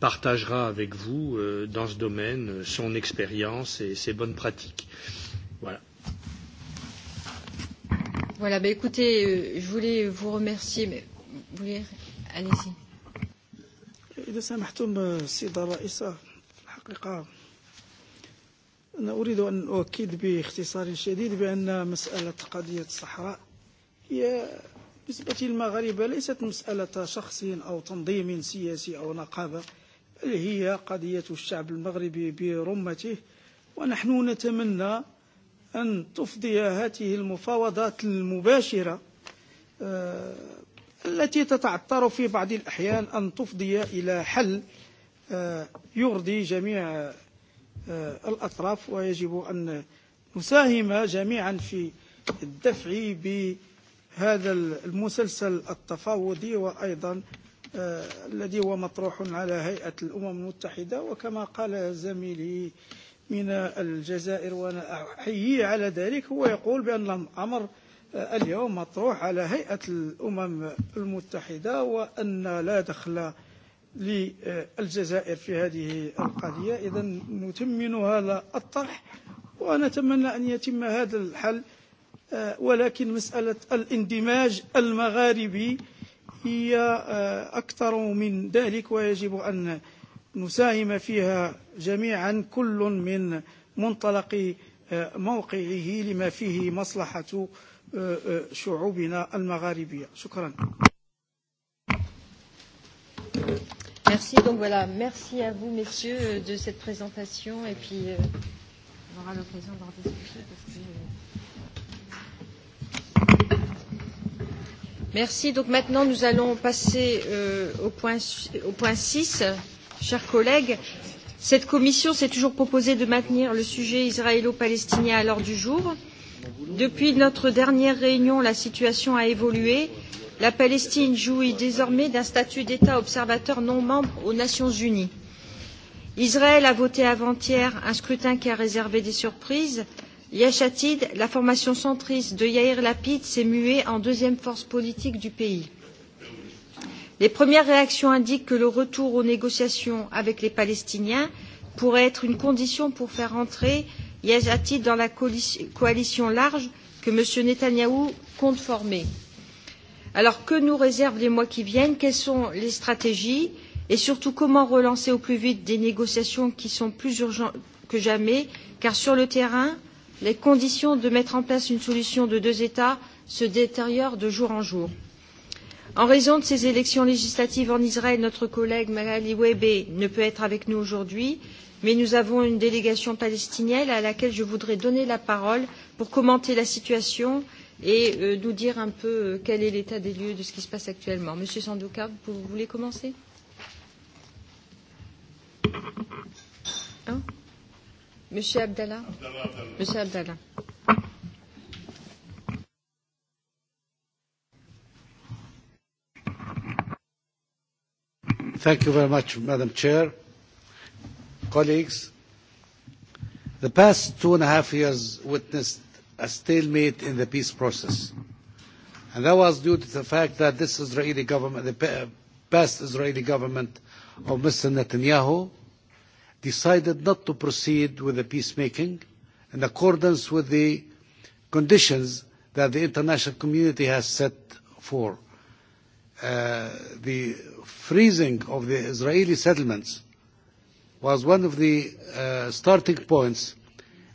partagera avec vous dans ce domaine son expérience et ses bonnes pratiques. Voilà. Voilà, ben écoutez, je voulais vous remercier, mais vous voulez, allez-y. الحقيقة أنا أريد أن أؤكد باختصار شديد بأن مسألة قضية الصحراء هي بالنسبة للمغاربة ليست مسألة شخص أو تنظيم سياسي أو نقابة بل هي قضية الشعب المغربي برمته ونحن نتمنى أن تفضي هذه المفاوضات المباشرة التي تتعطر في بعض الأحيان أن تفضي إلى حل يرضي جميع الأطراف ويجب أن نساهم جميعا في الدفع بهذا المسلسل التفاوضي وأيضا الذي هو مطروح على هيئة الأمم المتحدة وكما قال زميلي من الجزائر وأنا أحييه على ذلك هو يقول بأن الأمر اليوم مطروح على هيئة الأمم المتحدة وأن لا دخل للجزائر في هذه القضية إذا نثمن هذا الطرح ونتمنى أن يتم هذا الحل ولكن مسألة الاندماج المغاربي هي أكثر من ذلك ويجب أن نساهم فيها جميعا كل من منطلق موقعه لما فيه مصلحة شعوبنا المغاربية شكرا Merci. Donc voilà, merci à vous, messieurs, de cette présentation. Et puis, on aura l'occasion d'en discuter. Parce que... Merci. Donc maintenant, nous allons passer au point 6. Chers collègues, cette commission s'est toujours proposé de maintenir le sujet israélo-palestinien à l'ordre du jour. Depuis notre dernière réunion, la situation a évolué la Palestine jouit désormais d'un statut d'État observateur non membre aux Nations unies. Israël a voté avant-hier un scrutin qui a réservé des surprises. Yachid, la formation centriste de Yair Lapid, s'est muée en deuxième force politique du pays. Les premières réactions indiquent que le retour aux négociations avec les Palestiniens pourrait être une condition pour faire entrer Yesh dans la coalition large que M. Netanyahu compte former. Alors que nous réservent les mois qui viennent Quelles sont les stratégies Et surtout, comment relancer au plus vite des négociations qui sont plus urgentes que jamais Car sur le terrain, les conditions de mettre en place une solution de deux États se détériorent de jour en jour. En raison de ces élections législatives en Israël, notre collègue Magali Webe ne peut être avec nous aujourd'hui, mais nous avons une délégation palestinienne à laquelle je voudrais donner la parole pour commenter la situation et nous dire un peu quel est l'état des lieux de ce qui se passe actuellement. Monsieur Sanduka, vous voulez commencer Monsieur Abdallah Monsieur Abdallah. Thank you very much, Madam Chair. Colleagues, the past two and a half years witnessed a stalemate in the peace process. And that was due to the fact that this Israeli government, the past Israeli government of Mr. Netanyahu, decided not to proceed with the peacemaking in accordance with the conditions that the international community has set for. The freezing of the Israeli settlements was one of the starting points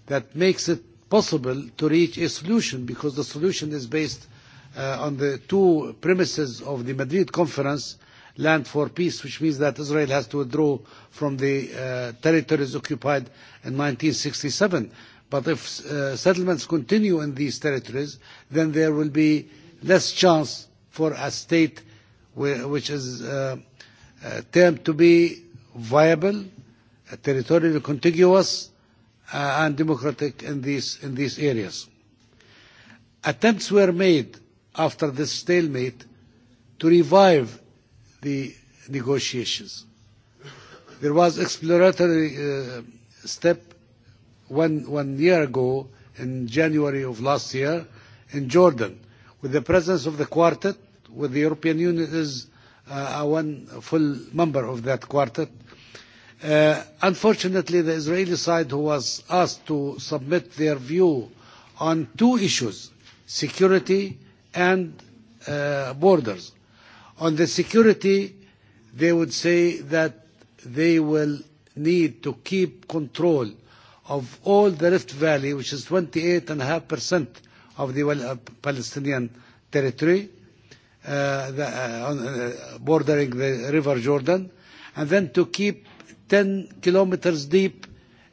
that makes it possible to reach a solution because the solution is based on the two premises of the Madrid conference, land for peace, which means that Israel has to withdraw from the territories occupied in 1967. But if settlements continue in these territories, then there will be less chance for a state which is termed to be viable, territorially contiguous, and democratic in these in these areas. Attempts were made after this stalemate to revive the negotiations. There was exploratory step one one year ago in January of last year in Jordan, with the presence of the Quartet, with the European Union as one full member of that Quartet Unfortunately, the Israeli side, who was asked to submit their view on two issues, security and borders. On the security, they would say that they will need to keep control of all the Rift Valley, which is and a 28.5% of the Palestinian territory, bordering the River Jordan, and then to keep 10 kilometers deep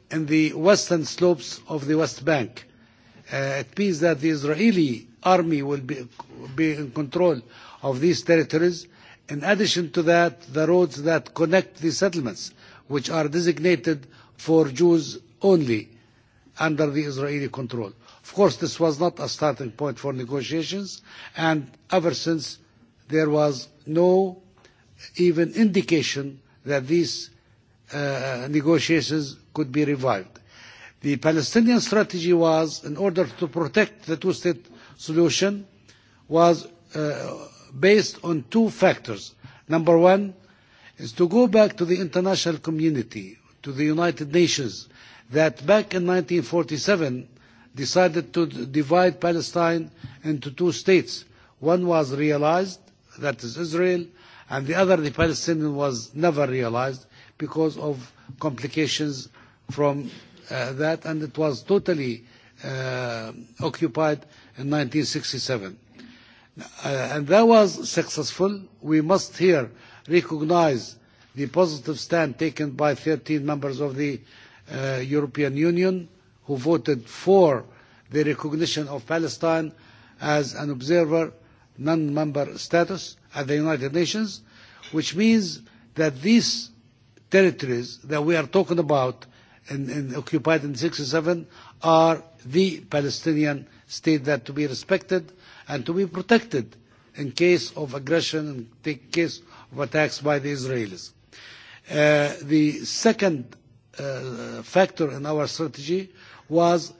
in the western slopes of the West Bank. It means that the Israeli army will be in control of these territories. In addition to that, the roads that connect the settlements, which are designated for Jews only under the Israeli control. Of course, this was not a starting point for negotiations, and ever since there was no even indication that these negotiations could be revived. The Palestinian strategy was, in order to protect the two-state solution, was based on two factors. Number one is to go back to the international community, to the United Nations, that back in 1947 decided to divide Palestine into two states. One was realized, that is Israel, and the other, the Palestinian, was never realized, because of complications from that, and it was totally occupied in 1967. And that was successful. We must here recognise the positive stand taken by 13 members of the European Union who voted for the recognition of Palestine as an observer non-member status at the United Nations, which means that this territories that we are talking about in occupied in 67 are the Palestinian state that to be respected and to be protected in case of aggression and case of attacks by the Israelis. The second factor in our strategy was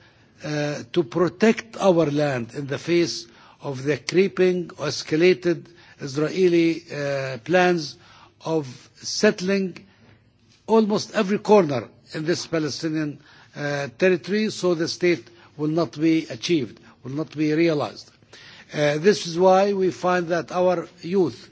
to protect our land in the face of the creeping, escalated Israeli plans of settling almost every corner in this Palestinian territory, so the state will not be achieved, will not be realized. This is why we find that our youth,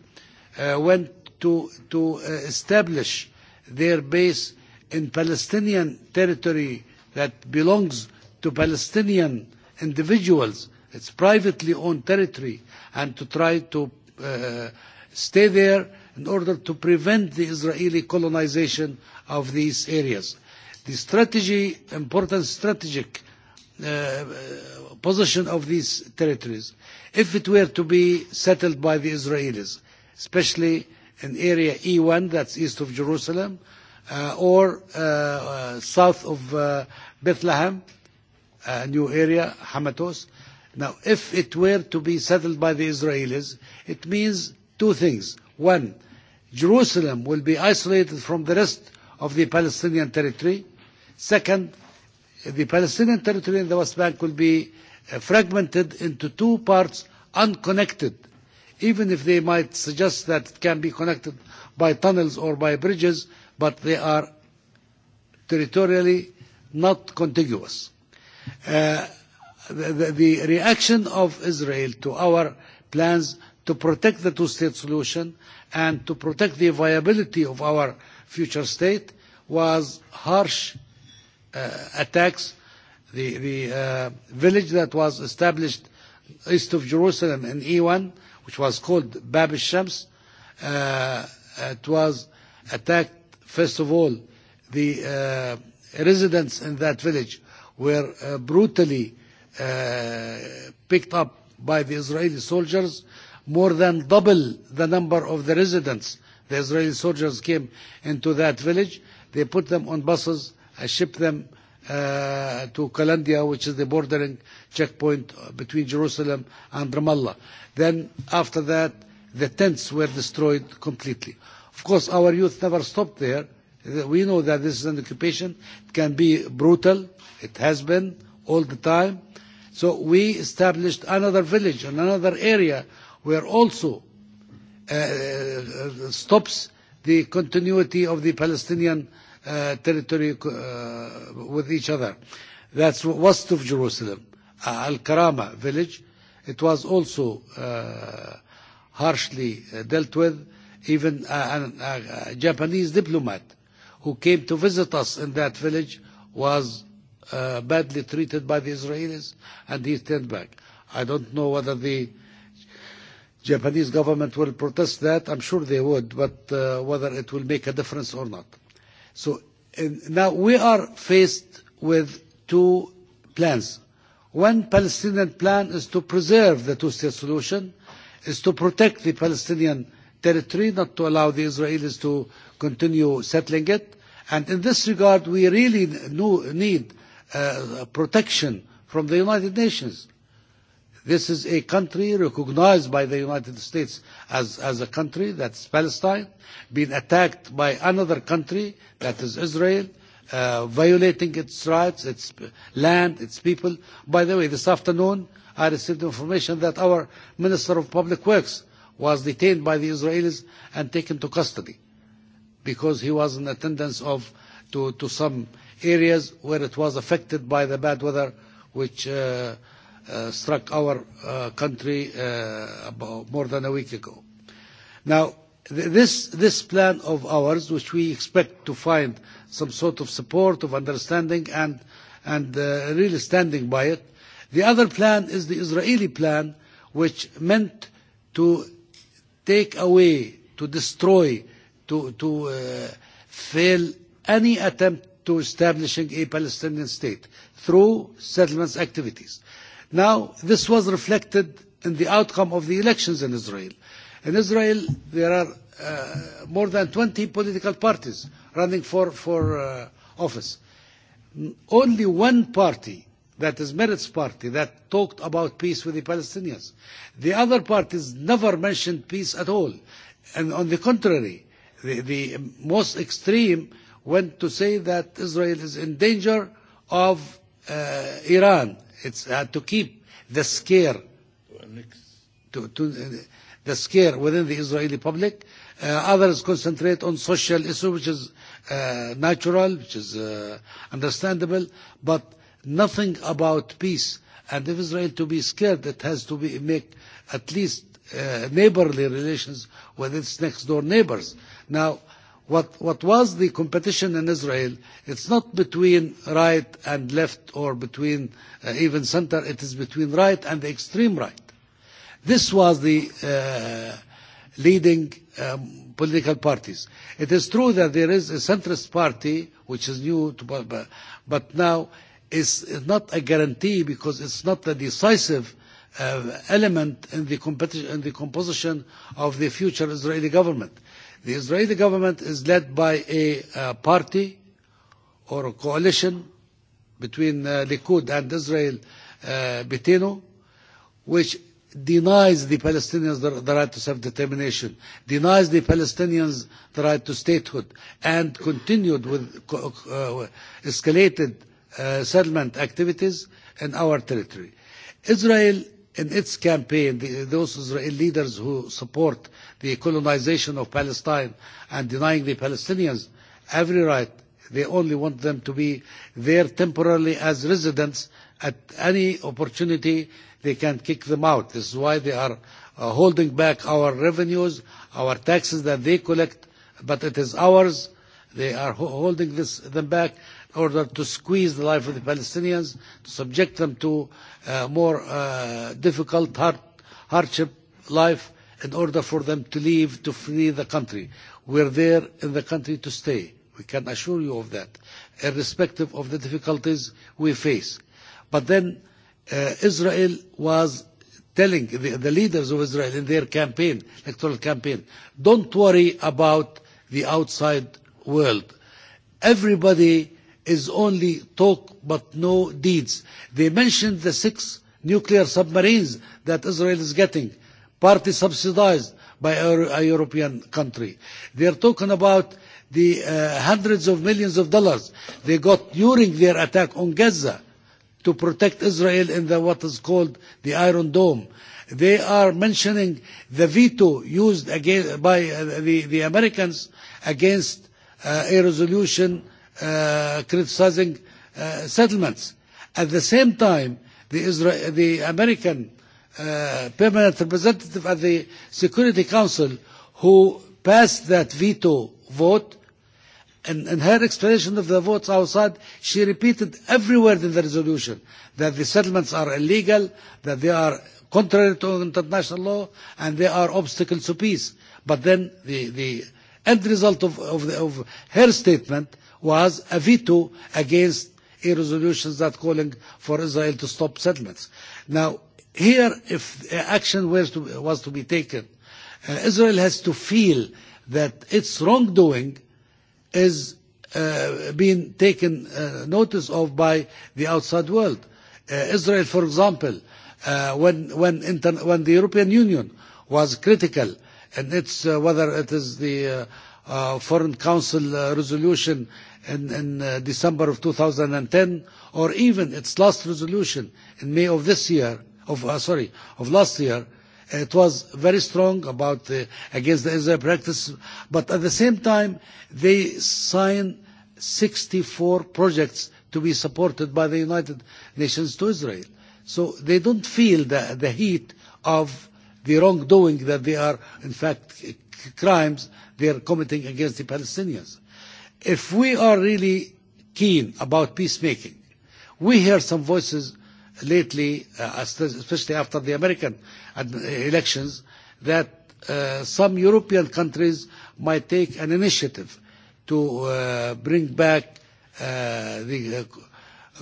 went to establish their base in Palestinian territory that belongs to Palestinian individuals, it's privately owned territory, and to try to stay there in order to prevent the Israeli colonization of these areas. The strategy, important strategic position of these territories, if it were to be settled by the Israelis, especially in area E1, that's east of Jerusalem, or south of Bethlehem, a new area, Hamatos. Now, if it were to be settled by the Israelis, it means two things. One, Jerusalem will be isolated from the rest of the Palestinian territory. Second, the Palestinian territory in the West Bank will be fragmented into two parts unconnected, even if they might suggest that it can be connected by tunnels or by bridges, but they are territorially not contiguous. The reaction of Israel to our plans to protect the two-state solution and to protect the viability of our future state was harsh attacks. The village that was established east of Jerusalem in E1, which was called Bab shams it was attacked, first of all, the residents in that village were brutally picked up by the Israeli soldiers more than double the number of the residents. The Israeli soldiers came into that village. They put them on buses and shipped them to Kalandia, which is the bordering checkpoint between Jerusalem and Ramallah. Then, after that, the tents were destroyed completely. Of course, our youth never stopped there. We know that this is an occupation. It can be brutal. It has been all the time. So we established another village and another area are also stops the continuity of the Palestinian territory with each other. That's west of Jerusalem, Al-Karama village. It was also harshly dealt with. Even a Japanese diplomat who came to visit us in that village was badly treated by the Israelis and he turned back. I don't know whether the Japanese government will protest that. I'm sure they would, but whether it will make a difference or not. So now we are faced with two plans. One Palestinian plan is to preserve the two-state solution, is to protect the Palestinian territory, not to allow the Israelis to continue settling it. And in this regard, we really need protection from the United Nations This is a country recognized by the United States as as a country, that's Palestine, being attacked by another country, that is Israel, violating its rights, its land, its people. By the way, this afternoon I received information that our Minister of Public Works was detained by the Israelis and taken to custody because he was in attendance of to some areas where it was affected by the bad weather which struck our country more than a week ago. Now, this this plan of ours, which we expect to find some sort of support, of understanding, and and really standing by it. The other plan is the Israeli plan, which meant to take away, to destroy, to to fail any attempt to establishing a Palestinian state through settlements activities. Now, this was reflected in the outcome of the elections in Israel. In Israel, there are more than 20 political parties running for for office. Only one party, that is Meretz party, that talked about peace with the Palestinians. The other parties never mentioned peace at all, and on the contrary, the most extreme went to say that Israel is in danger of Iran it's to keep the scare to the scare within the Israeli public. Others concentrate on social issues which is natural, which is understandable, but nothing about peace. And if Israel to be scared, it has to be make at least neighborly relations with its next door neighbors. Now, What was the competition in Israel? It's not between right and left or between even center. It is between right and the extreme right. This was the leading political parties. It is true that there is a centrist party, which is new, to but now is not a guarantee because it's not a decisive element in the composition of the future Israeli government. The Israeli government is led by a party or a coalition between Likud and Israel Betino, which denies the Palestinians the right to self-determination, denies the Palestinians the right to statehood, and continued with escalated settlement activities in our territory. Israel in its campaign, those Israeli leaders who support the colonization of Palestine and denying the Palestinians every right, they only want them to be there temporarily as residents. At any opportunity, they can kick them out. This is why they are holding back our revenues, our taxes that they collect, but it is ours They are holding them back in order to squeeze the life of the Palestinians, to subject them to more difficult, hardship life in order for them to leave, to flee the country. We are there in the country to stay. We can assure you of that, irrespective of the difficulties we face. But then Israel was telling the leaders of Israel in their campaign, electoral campaign, don't worry about the outside world. Everybody is only talk but no deeds. They mentioned the six nuclear submarines that Israel is getting, partly subsidized by a European country. They are talking about the hundreds of millions of dollars they got during their attack on Gaza to protect Israel in the what is called the Iron Dome. They are mentioning the veto used by the Americans against a resolution criticizing settlements. At the same time, the American permanent representative at the Security Council who passed that veto vote, and in her explanation of the votes outside, she repeated every word in the resolution that the settlements are illegal, that they are contrary to international law, and they are obstacles to peace. But then the End the result of her statement was a veto against a resolution that calling for Israel to stop settlements. Now, here, if action was to be taken, Israel has to feel that its wrongdoing is being taken notice of by the outside world. Israel, for example, when the European Union was critical and it's whether it is the Foreign Council resolution in December of 2010 or even its last resolution in May of this year, of sorry, of last year, it was very strong about against the Israel practice, but at the same time they signed 64 projects to be supported by the United Nations to Israel. So they don't feel the the heat of the wrongdoing that they are, in fact, crimes they are committing against the Palestinians. If we are really keen about peacemaking, we hear some voices lately, especially after the American elections, that some European countries might take an initiative to bring back the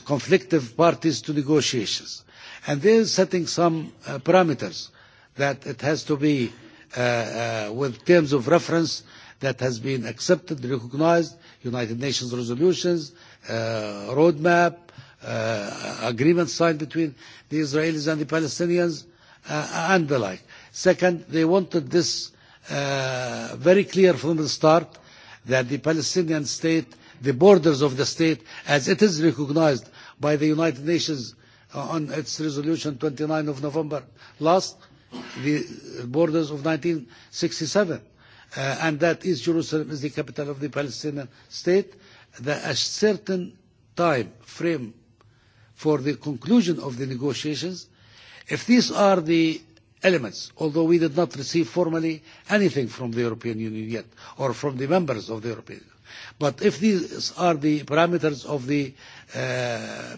conflictive parties to negotiations. And they are setting some parameters that it has to be with terms of reference that has been accepted, recognized, United Nations resolutions, roadmap, agreement signed between the Israelis and the Palestinians, and the like. Second, they wanted this very clear from the start that the Palestinian state, the borders of the state, as it is recognized by the United Nations on its resolution 29 of November last, the borders of 1967, and that is Jerusalem is the capital of the Palestinian state. the a certain time frame for the conclusion of the negotiations, if these are the elements, although we did not receive formally anything from the European Union yet, or from the members of the European Union. But if these are the parameters of the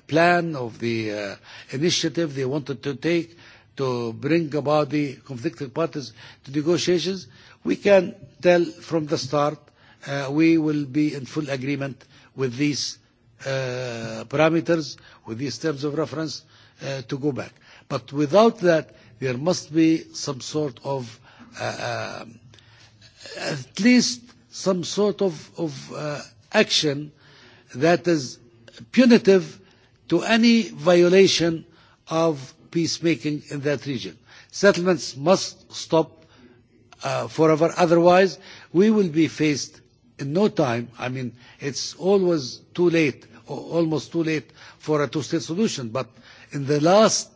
plan, of the initiative they wanted to take to bring about the conflicting parties to negotiations, we can tell from the start we will be in full agreement with these parameters, with these terms of reference to go back. But without that, there must be some sort of, at least some sort of action that is punitive to any violation of peacemaking in that region. Settlements must stop forever, otherwise we will be faced in no time. I mean, it's always too late, or almost too late for a two-state solution, but in the last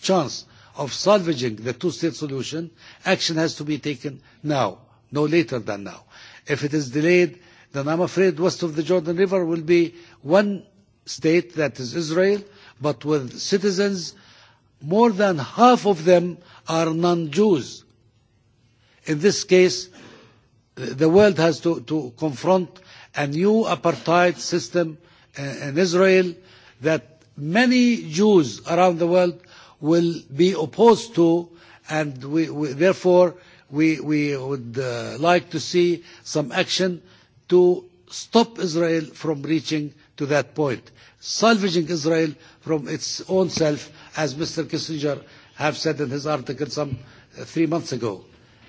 chance of salvaging the two-state solution, action has to be taken now, no later than now. If it is delayed, then I'm afraid west of the Jordan River will be one state that is Israel, but with citizens more than half of them are non-Jews. In this case, the world has to confront a new apartheid system in Israel that many Jews around the world will be opposed to, and therefore we would like to see some action to stop Israel from reaching to that point, salvaging Israel from its own self as Mr. Kissinger have said in his article some three months ago,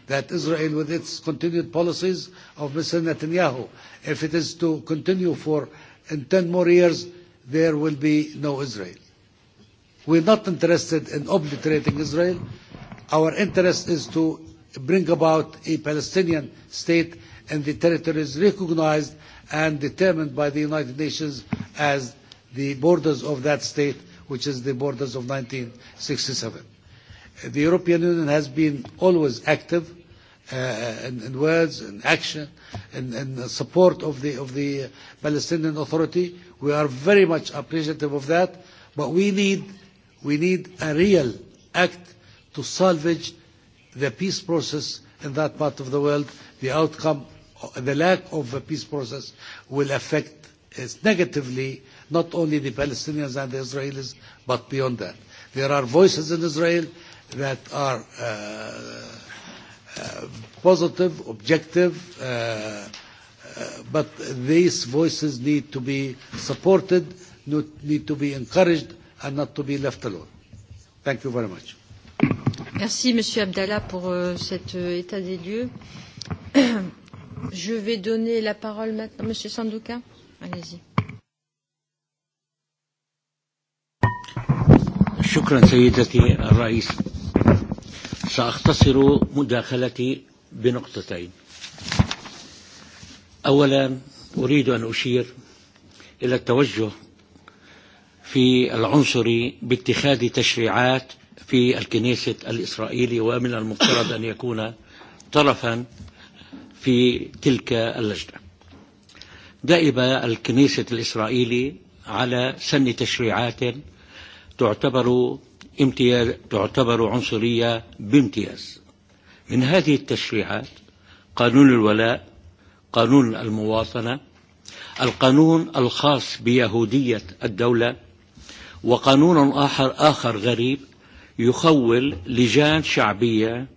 that Israel, with its continued policies of Mr. Netanyahu, if it is to continue for in 10 more years, there will be no Israel. We're not interested in obliterating Israel. Our interest is to bring about a Palestinian state and the territories recognized and determined by the United Nations as the borders of that state which is the borders of 1967. The European Union has been always active in words in action and support of the of the Palestinian Authority. We are very much appreciative of that, but we need we need a real act to salvage the peace process in that part of the world. The outcome, the lack of a peace process will affect negatively not only the Palestinians and the Israelis, but beyond that. There are voices in Israel that are positive, objective, but these voices need to be supported, need to be encouraged, and not to be left alone. Thank you very much. Merci, Monsieur Abdallah, pour cet état des lieux. Je vais donner la parole maintenant, Monsieur Sandouka. Allez-y. شكرا سيدتي الرئيس سأختصر مداخلتي بنقطتين أولا أريد أن أشير إلى التوجه في العنصر باتخاذ تشريعات في الكنيسة الإسرائيلي ومن المفترض أن يكون طرفا في تلك اللجنة دائب الكنيسة الإسرائيلي على سن تشريعات تعتبر امتياز تعتبر عنصرية بامتياز من هذه التشريعات قانون الولاء قانون المواطنة القانون الخاص بيهودية الدولة وقانون آخر, آخر غريب يخول لجان شعبية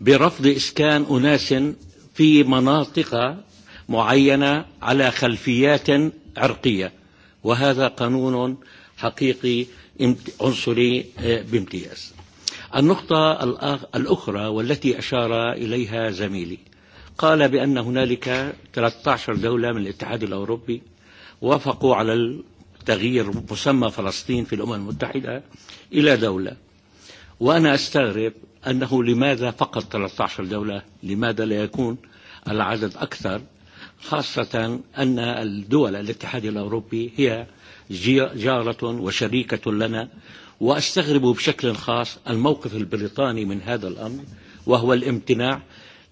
برفض إسكان أناس في مناطق معينة على خلفيات عرقية وهذا قانون حقيقي عنصري بامتياز النقطة الأخرى والتي أشار إليها زميلي قال بأن هنالك 13 دولة من الاتحاد الأوروبي وافقوا على تغيير مسمى فلسطين في الأمم المتحدة إلى دولة وأنا أستغرب أنه لماذا فقط 13 دولة لماذا لا يكون العدد أكثر خاصة أن الدول الاتحاد الأوروبي هي جارة وشريكة لنا وأستغرب بشكل خاص الموقف البريطاني من هذا الأمر وهو الامتناع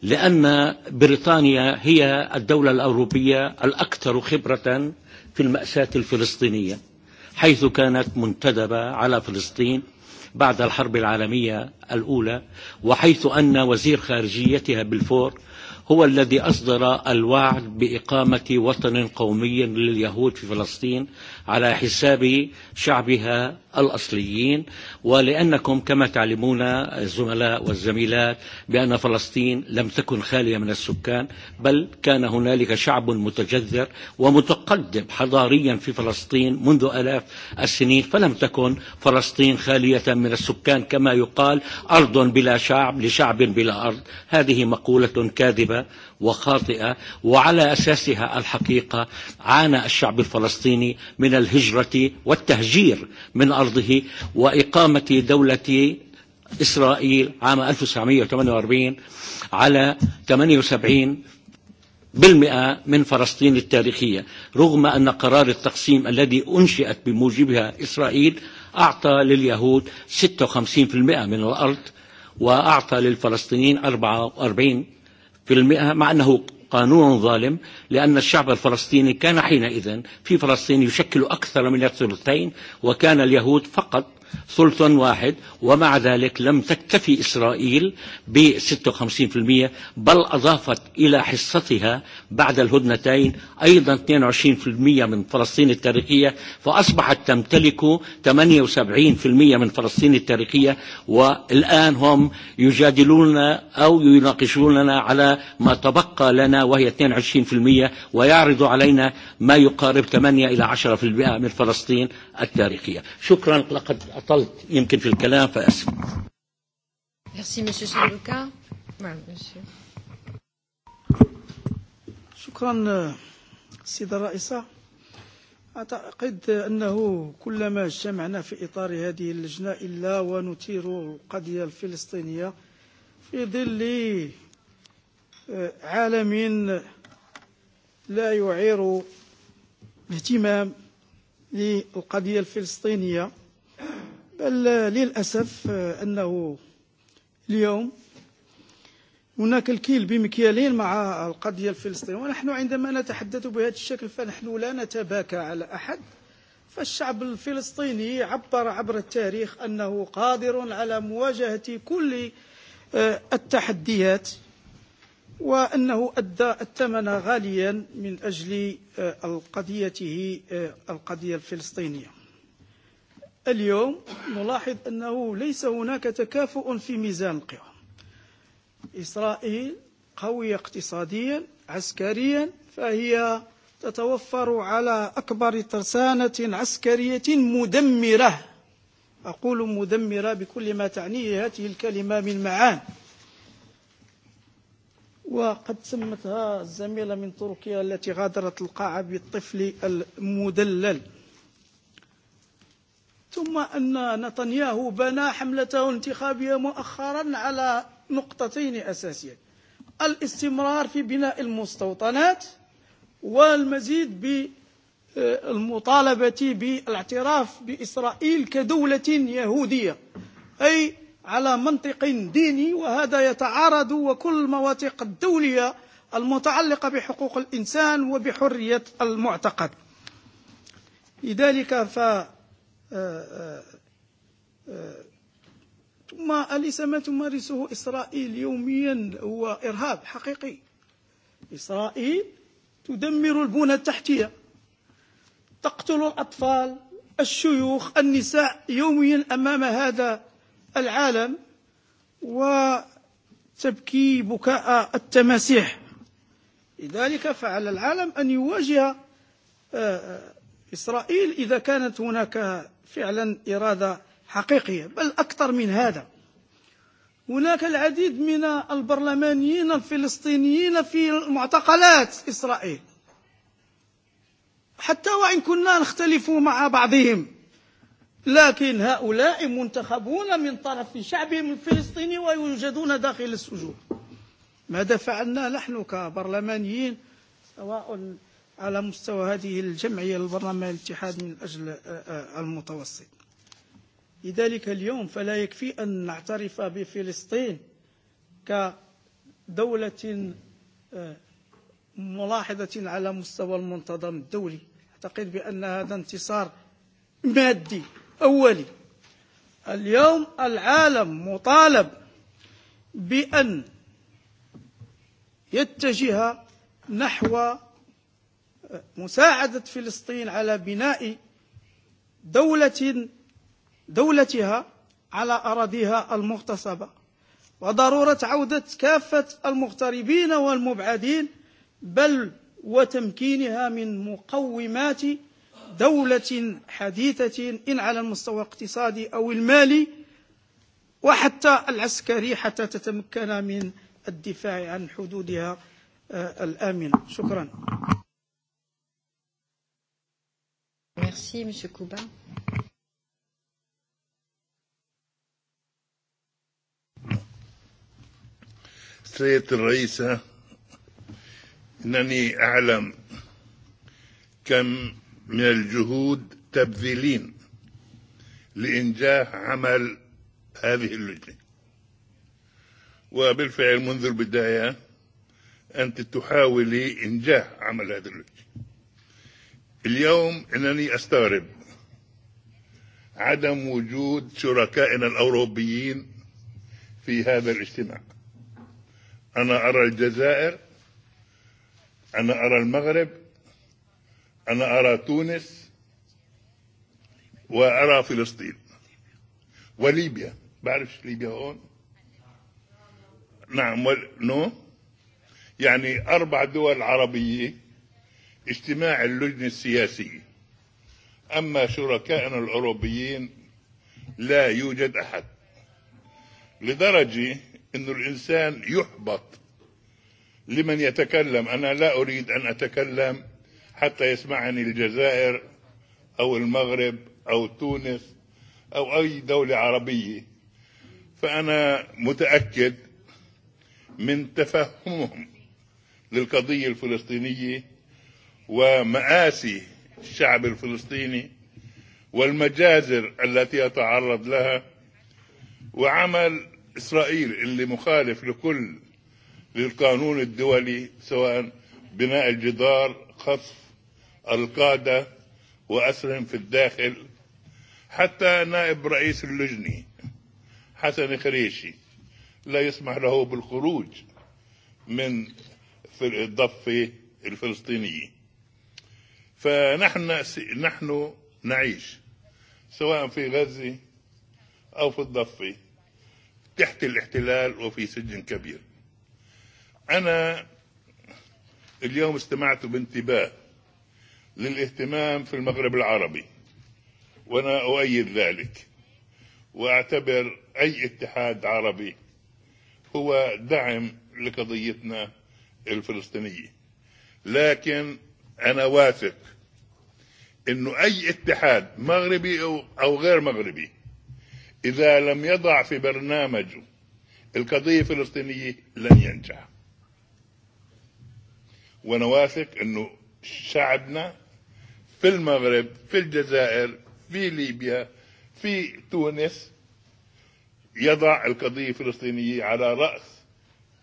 لأن بريطانيا هي الدولة الأوروبية الأكثر خبرة في المأساة الفلسطينية حيث كانت منتدبة على فلسطين بعد الحرب العالمية الأولى وحيث أن وزير خارجيتها بالفور هو الذي أصدر الوعد بإقامة وطن قومي لليهود في فلسطين على حساب شعبها الأصليين ولأنكم كما تعلمون الزملاء والزميلات بأن فلسطين لم تكن خاليه من السكان بل كان هنالك شعب متجذر ومتقدم حضاريا في فلسطين منذ ألاف السنين فلم تكن فلسطين خالية من السكان كما يقال أرض بلا شعب لشعب بلا أرض هذه مقولة كاذبه وخاطئه وعلى أساسها الحقيقة عانى الشعب الفلسطيني من من الهجرة والتهجير من أرضه وإقامة دولة إسرائيل عام 1948 على 78 بالمئة من فلسطين التاريخية رغم أن قرار التقسيم الذي أنشئت بموجبها إسرائيل أعطى لليهود 56% من الأرض وأعطى للفلسطينيين 44% مع أنه قانون ظالم لأن الشعب الفلسطيني كان حينئذ في فلسطين يشكل أكثر من الثلثين وكان اليهود فقط سلطان واحد ومع ذلك لم تكتفي إسرائيل ب 56% بل أضافت إلى حصتها بعد الهدنتين أيضا 22% من فلسطين التاريخية فأصبحت تمتلك 78% من فلسطين التاريخية والآن هم يجادلوننا أو يناقشوننا على ما تبقى لنا وهي 22% ويعرض علينا ما يقارب 8 إلى 10% من فلسطين التاريخية شكرا لقد أطلت يمكن في الكلام فأسف شكرا سيدة الرئيسة أعتقد أنه كلما اجتمعنا في إطار هذه اللجنة إلا ونثير القضية الفلسطينية في ظل عالم لا يعير اهتمام للقضية الفلسطينية للأسف أنه اليوم هناك الكيل بمكيالين مع القضية الفلسطينية ونحن عندما نتحدث بهذا الشكل فنحن لا نتباكى على أحد فالشعب الفلسطيني عبر عبر التاريخ أنه قادر على مواجهة كل التحديات وأنه أدى الثمن غاليا من أجل قضيته القضية الفلسطينية اليوم نلاحظ أنه ليس هناك تكافؤ في ميزان القوى إسرائيل قوية اقتصاديا عسكريا فهي تتوفر على أكبر ترسانة عسكرية مدمرة أقول مدمرة بكل ما تعنيه هذه الكلمة من معان وقد سمتها الزميلة من تركيا التي غادرت القاعة بالطفل المدلل ثم أن نتنياهو بنى حملته الانتخابيه مؤخرا على نقطتين أساسيتين الاستمرار في بناء المستوطنات والمزيد بالمطالبه بالاعتراف بإسرائيل كدوله يهوديه أي على منطق ديني وهذا يتعارض وكل المواثيق الدولية المتعلقة بحقوق الإنسان وبحريه المعتقد لذلك ف ثم أليس ما تمارسه إسرائيل يوميا هو إرهاب حقيقي إسرائيل تدمر البنى التحتية تقتل الأطفال الشيوخ النساء يوميا أمام هذا العالم وتبكي بكاء التماسيح لذلك فعل العالم أن يواجه إسرائيل إذا كانت هناك فعلا إرادة حقيقية بل أكثر من هذا هناك العديد من البرلمانيين الفلسطينيين في معتقلات إسرائيل حتى وإن كنا نختلف مع بعضهم لكن هؤلاء منتخبون من طرف شعبهم الفلسطيني ويوجدون داخل السجون ماذا فعلنا نحن كبرلمانيين سواء على مستوى هذه الجمعية البرلمان الاتحاد من أجل المتوسط لذلك اليوم فلا يكفي أن نعترف بفلسطين كدولة ملاحظة على مستوى المنتظم الدولي أعتقد بأن هذا انتصار مادي أولي اليوم العالم مطالب بأن يتجه نحو مساعدة فلسطين على بناء دولة دولتها على أراضيها المغتصبة وضرورة عودة كافة المغتربين والمبعدين بل وتمكينها من مقومات دولة حديثة إن على المستوى الاقتصادي أو المالي وحتى العسكري حتى تتمكن من الدفاع عن حدودها الآمنة شكرا Merci, M. Kouba. سيدة الرئيسة إنني أعلم كم من الجهود تبذلين لإنجاح عمل هذه اللجنة وبالفعل منذ البداية أنت تحاولي إنجاح عمل هذه اللجنة اليوم انني استغرب عدم وجود شركائنا الاوروبيين في هذا الاجتماع انا ارى الجزائر انا ارى المغرب انا ارى تونس وارى فلسطين وليبيا بعرفش ليبيا هون نعم نو يعني اربع دول عربيه اجتماع اللجنة السياسية أما شركائنا الأوروبيين لا يوجد أحد لدرجة أن الإنسان يحبط لمن يتكلم أنا لا أريد أن أتكلم حتى يسمعني الجزائر أو المغرب أو تونس أو أي دولة عربية فأنا متأكد من تفهمهم للقضية الفلسطينية ومآسي الشعب الفلسطيني والمجازر التي يتعرض لها وعمل إسرائيل اللي مخالف لكل للقانون الدولي سواء بناء الجدار خطف القادة وأسرهم في الداخل حتى نائب رئيس اللجنة حسن خريشي لا يسمح له بالخروج من في الضفة الفلسطينية فنحن نحن نعيش سواء في غزة أو في الضفة تحت الاحتلال وفي سجن كبير أنا اليوم استمعت بانتباه للاهتمام في المغرب العربي وأنا أؤيد ذلك وأعتبر أي اتحاد عربي هو دعم لقضيتنا الفلسطينية لكن أنا واثق أنه أي اتحاد مغربي أو غير مغربي إذا لم يضع في برنامجه القضية الفلسطينية لن ينجح وأنا واثق أنه شعبنا في المغرب في الجزائر في ليبيا في تونس يضع القضية الفلسطينية على رأس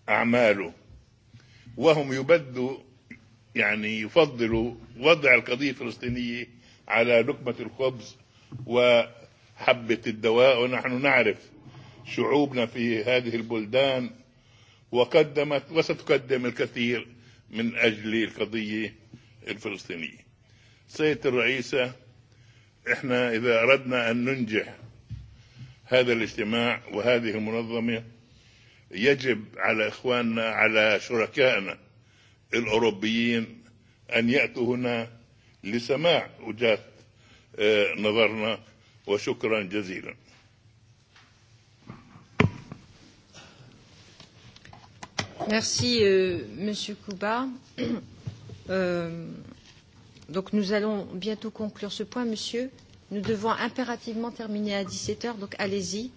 أعماله وهم يبدوا يعني يفضلوا وضع القضية الفلسطينية على لقمة الخبز وحبة الدواء ونحن نعرف شعوبنا في هذه البلدان وقدمت وستقدم الكثير من أجل القضية الفلسطينية سيد الرئيسة احنا إذا أردنا أن ننجح هذا الاجتماع وهذه المنظمة يجب على إخواننا على شركائنا الأوروبيين أن يأتوا هنا لسماع وجهة نظرنا وشكرا جزيلا Merci, euh, Monsieur Kouba. Euh, donc, nous allons bientôt conclure ce point, Monsieur. Nous devons impérativement terminer à 17 heures, donc allez-y.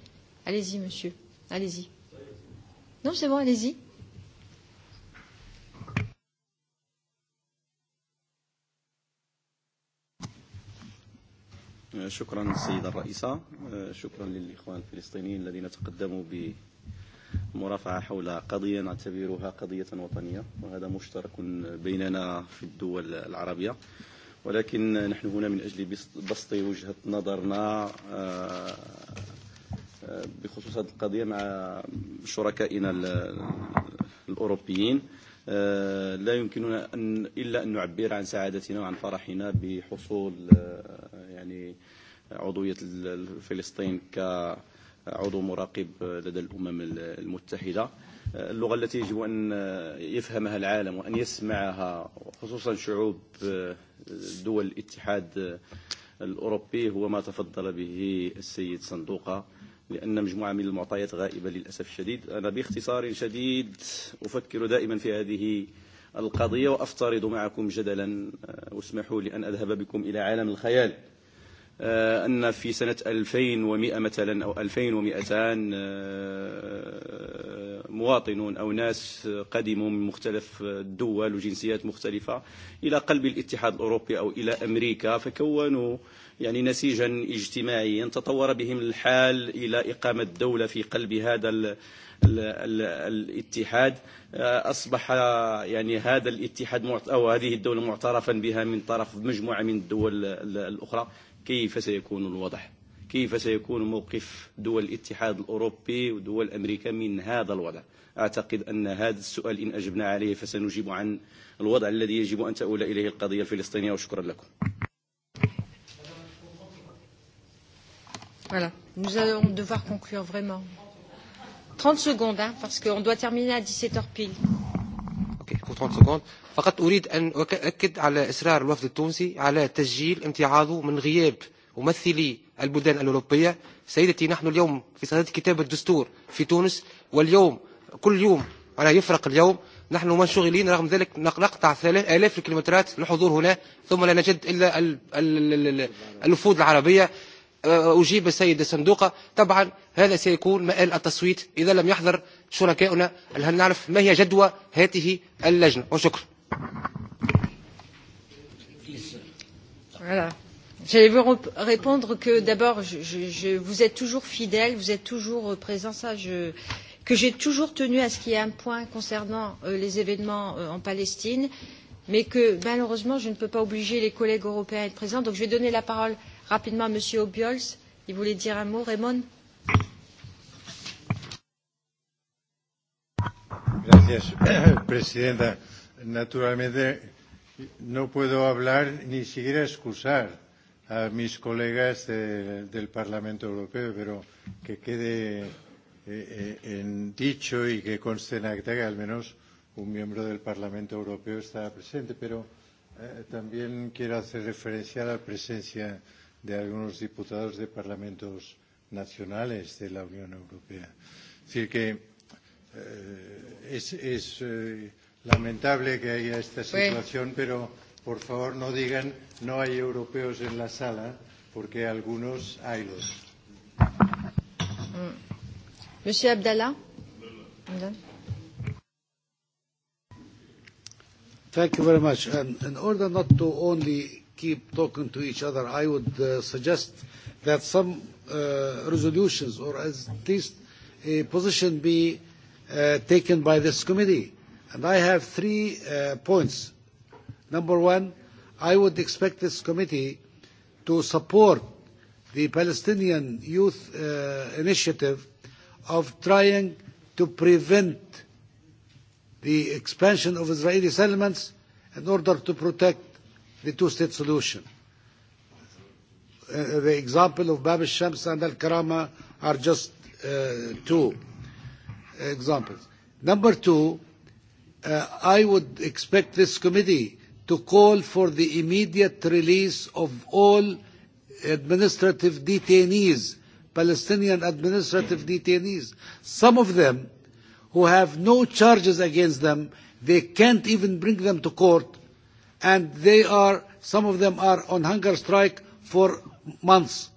Allez-y, Monsieur. Allez-y. Non, c'est bon, allez-y. شكرا السيدة الرئيسة شكرا للإخوان الفلسطينيين الذين تقدموا بمرافعة حول قضية نعتبرها قضية وطنية وهذا مشترك بيننا في الدول العربية ولكن نحن هنا من أجل بسط وجهة نظرنا بخصوص هذه القضية مع شركائنا الأوروبيين لا يمكننا أن إلا أن نعبر عن سعادتنا وعن فرحنا بحصول يعني عضوية فلسطين كعضو مراقب لدى الأمم المتحدة اللغه التي يجب أن يفهمها العالم وأن يسمعها خصوصا شعوب دول الاتحاد الأوروبي هو ما تفضل به السيد صندوقة لأن مجموعه من المعطيات غائبة للأسف الشديد أنا باختصار شديد أفكر دائما في هذه القضيه وأفترض معكم جدلا واسمحوا لي أن أذهب بكم إلى عالم الخيال أن في سنة 2100 مثلا أو 2200 مواطنون أو ناس قدموا من مختلف الدول وجنسيات مختلفة إلى قلب الاتحاد الأوروبي أو إلى أمريكا فكونوا يعني نسيجا اجتماعيا تطور بهم الحال إلى إقامة دولة في قلب هذا الاتحاد أصبح يعني هذا الاتحاد أو هذه الدوله معترفا بها من طرف مجموعة من الدول الأخرى كيف سيكون الوضع كيف سيكون موقف دول الاتحاد الأوروبي ودول أمريكا من هذا الوضع أعتقد أن هذا السؤال إن أجبنا عليه فسنجيب عن الوضع الذي يجب أن تؤول إليه القضية الفلسطينية وشكرا لكم Voilà, nous allons devoir conclure vraiment. 30 secondes, hein, parce qu'on doit terminer à 17h pile. سكوند فقط أريد أن أؤكد على إصرار الوفد التونسي على تسجيل امتعاضه من غياب ممثلي البلدان الأوروبية سيدتي نحن اليوم في صدد كتابة الدستور في تونس واليوم كل يوم أنا يفرق اليوم نحن منشغلين رغم ذلك نقطع ثلاث آلاف الكيلومترات للحضور هنا ثم لا نجد إلا الوفود العربية أجيب السيد الصندوق طبعا هذا سيكون مآل التصويت إذا لم يحضر شركائنا هل نعرف ما هي جدوى هذه اللجنة J'allais vous répondre que d'abord, je, je, vous êtes toujours fidèle, vous êtes toujours présent, ça, je, que j'ai toujours tenu à ce qu'il y ait un point concernant les événements en Palestine, mais que malheureusement, je ne peux pas obliger les collègues européens à être présents. Donc, je vais donner la parole rapidement à M. Obiols. Il voulait dire un mot, Raymond. Gracias, Presidenta. Naturalmente, no puedo hablar ni siquiera excusar a mis colegas del Parlamento Europeo, pero que quede en dicho y que conste en acta que al menos un miembro del Parlamento Europeo está presente. Pero también quiero hacer referencia a la presencia de algunos diputados de parlamentos nacionales de la Unión Europea. Es decir, que Es es lamentable que haya esta situación, pero por favor no digan no hay europeos en la sala, porque algunos hay los. Monsieur Abdallah. Thank you very much. And in order not to only keep talking to each other, I would suggest that some resolutions or at least a position be taken by this committee. And I have three points. Number one, I would expect this committee to support the Palestinian youth initiative of trying to prevent the expansion of Israeli settlements in order to protect the two-state solution. The example of Bab al-Shams and Al-Karama are just two examples. Number two, I would expect this committee to call for the immediate release of all administrative detainees, Palestinian administrative detainees. Some of them who have no charges against them, they can't even bring them to court, and they are, some of them are on hunger strike for months.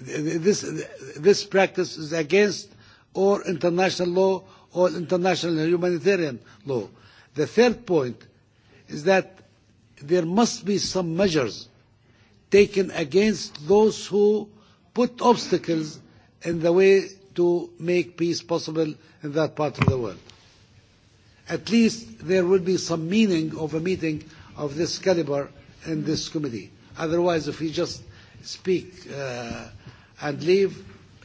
This practice is against or international law or international humanitarian law. The third point is that there must be some measures taken against those who put obstacles in the way to make peace possible in that part of the world. At least there will be some meaning of a meeting of this caliber in this committee. Otherwise, if we just speak and leave,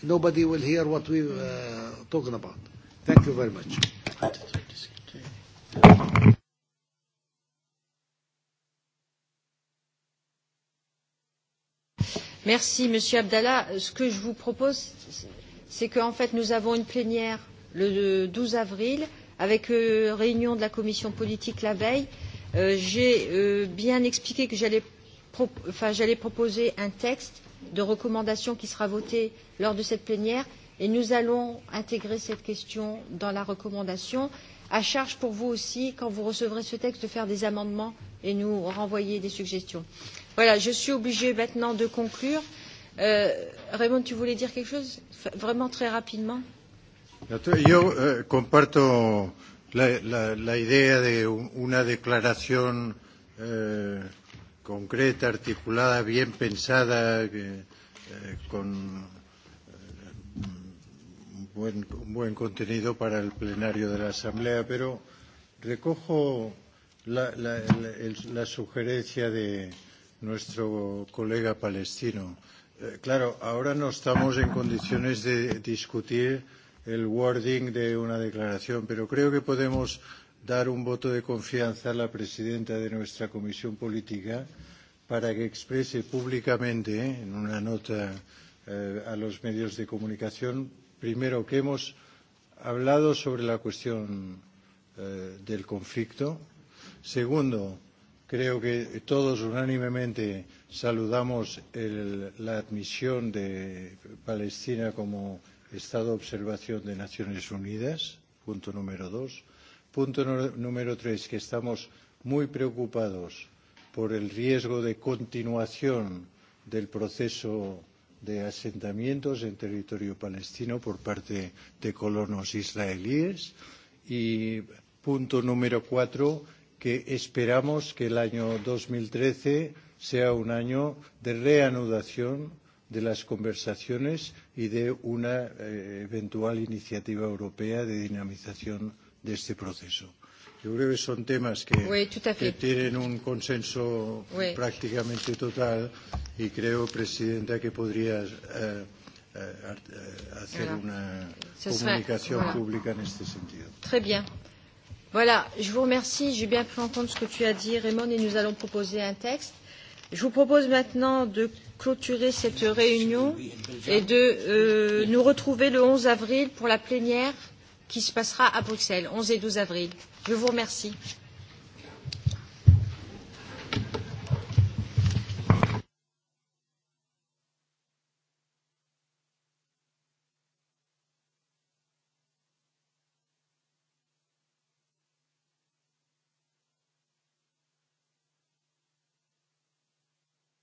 nobody will hear what uh, talking about. Thank you very much. Merci, Monsieur Abdallah. Ce que je vous propose, c'est qu'en fait, nous avons une plénière le 12 avril avec réunion de la commission politique la veille. J'ai bien expliqué que j'allais proposer un texte de recommandation qui sera votée lors de cette plénière et nous allons intégrer cette question dans la recommandation. À charge pour vous aussi, quand vous recevrez ce texte, de faire des amendements et nous renvoyer des suggestions. Voilà, je suis obligée maintenant de conclure. Raymond, tu voulais dire quelque chose Vraiment très rapidement. Yo comparto la idea de concreta, articulada, bien pensada, con un buen contenido para el plenario de la Asamblea, pero recojo la sugerencia de nuestro colega palestino. Claro, ahora no estamos en condiciones de discutir el wording de una declaración, pero creo que podemos dar un voto de confianza a la presidenta de nuestra comisión política para que exprese públicamente en una nota a los medios de comunicación primero que hemos hablado sobre la cuestión del conflicto segundo creo que todos unánimemente saludamos la admisión de Palestina como estado de observación de Naciones Unidas punto número dos Punto número tres, que estamos muy preocupados por el riesgo de continuación del proceso de asentamientos en territorio palestino por parte de colonos israelíes. Y punto número cuatro, que esperamos que el año 2013 sea un año de reanudación de las conversaciones y de una eventual iniciativa europea de dinamización de este proceso. Yo creo que son temas que, que tienen un consenso prácticamente total y creo, Presidenta, que podrías eh, eh, hacer una comunicación pública en este sentido. Très bien. Voilà, je vous remercie. J'ai bien pu entendre ce que tu as dit, Raymond, et nous allons proposer un texte. Je vous propose maintenant de clôturer cette réunion et de euh, nous retrouver le 11 avril pour la plénière qui se passera à Bruxelles, 11 et 12 avril. Je vous remercie.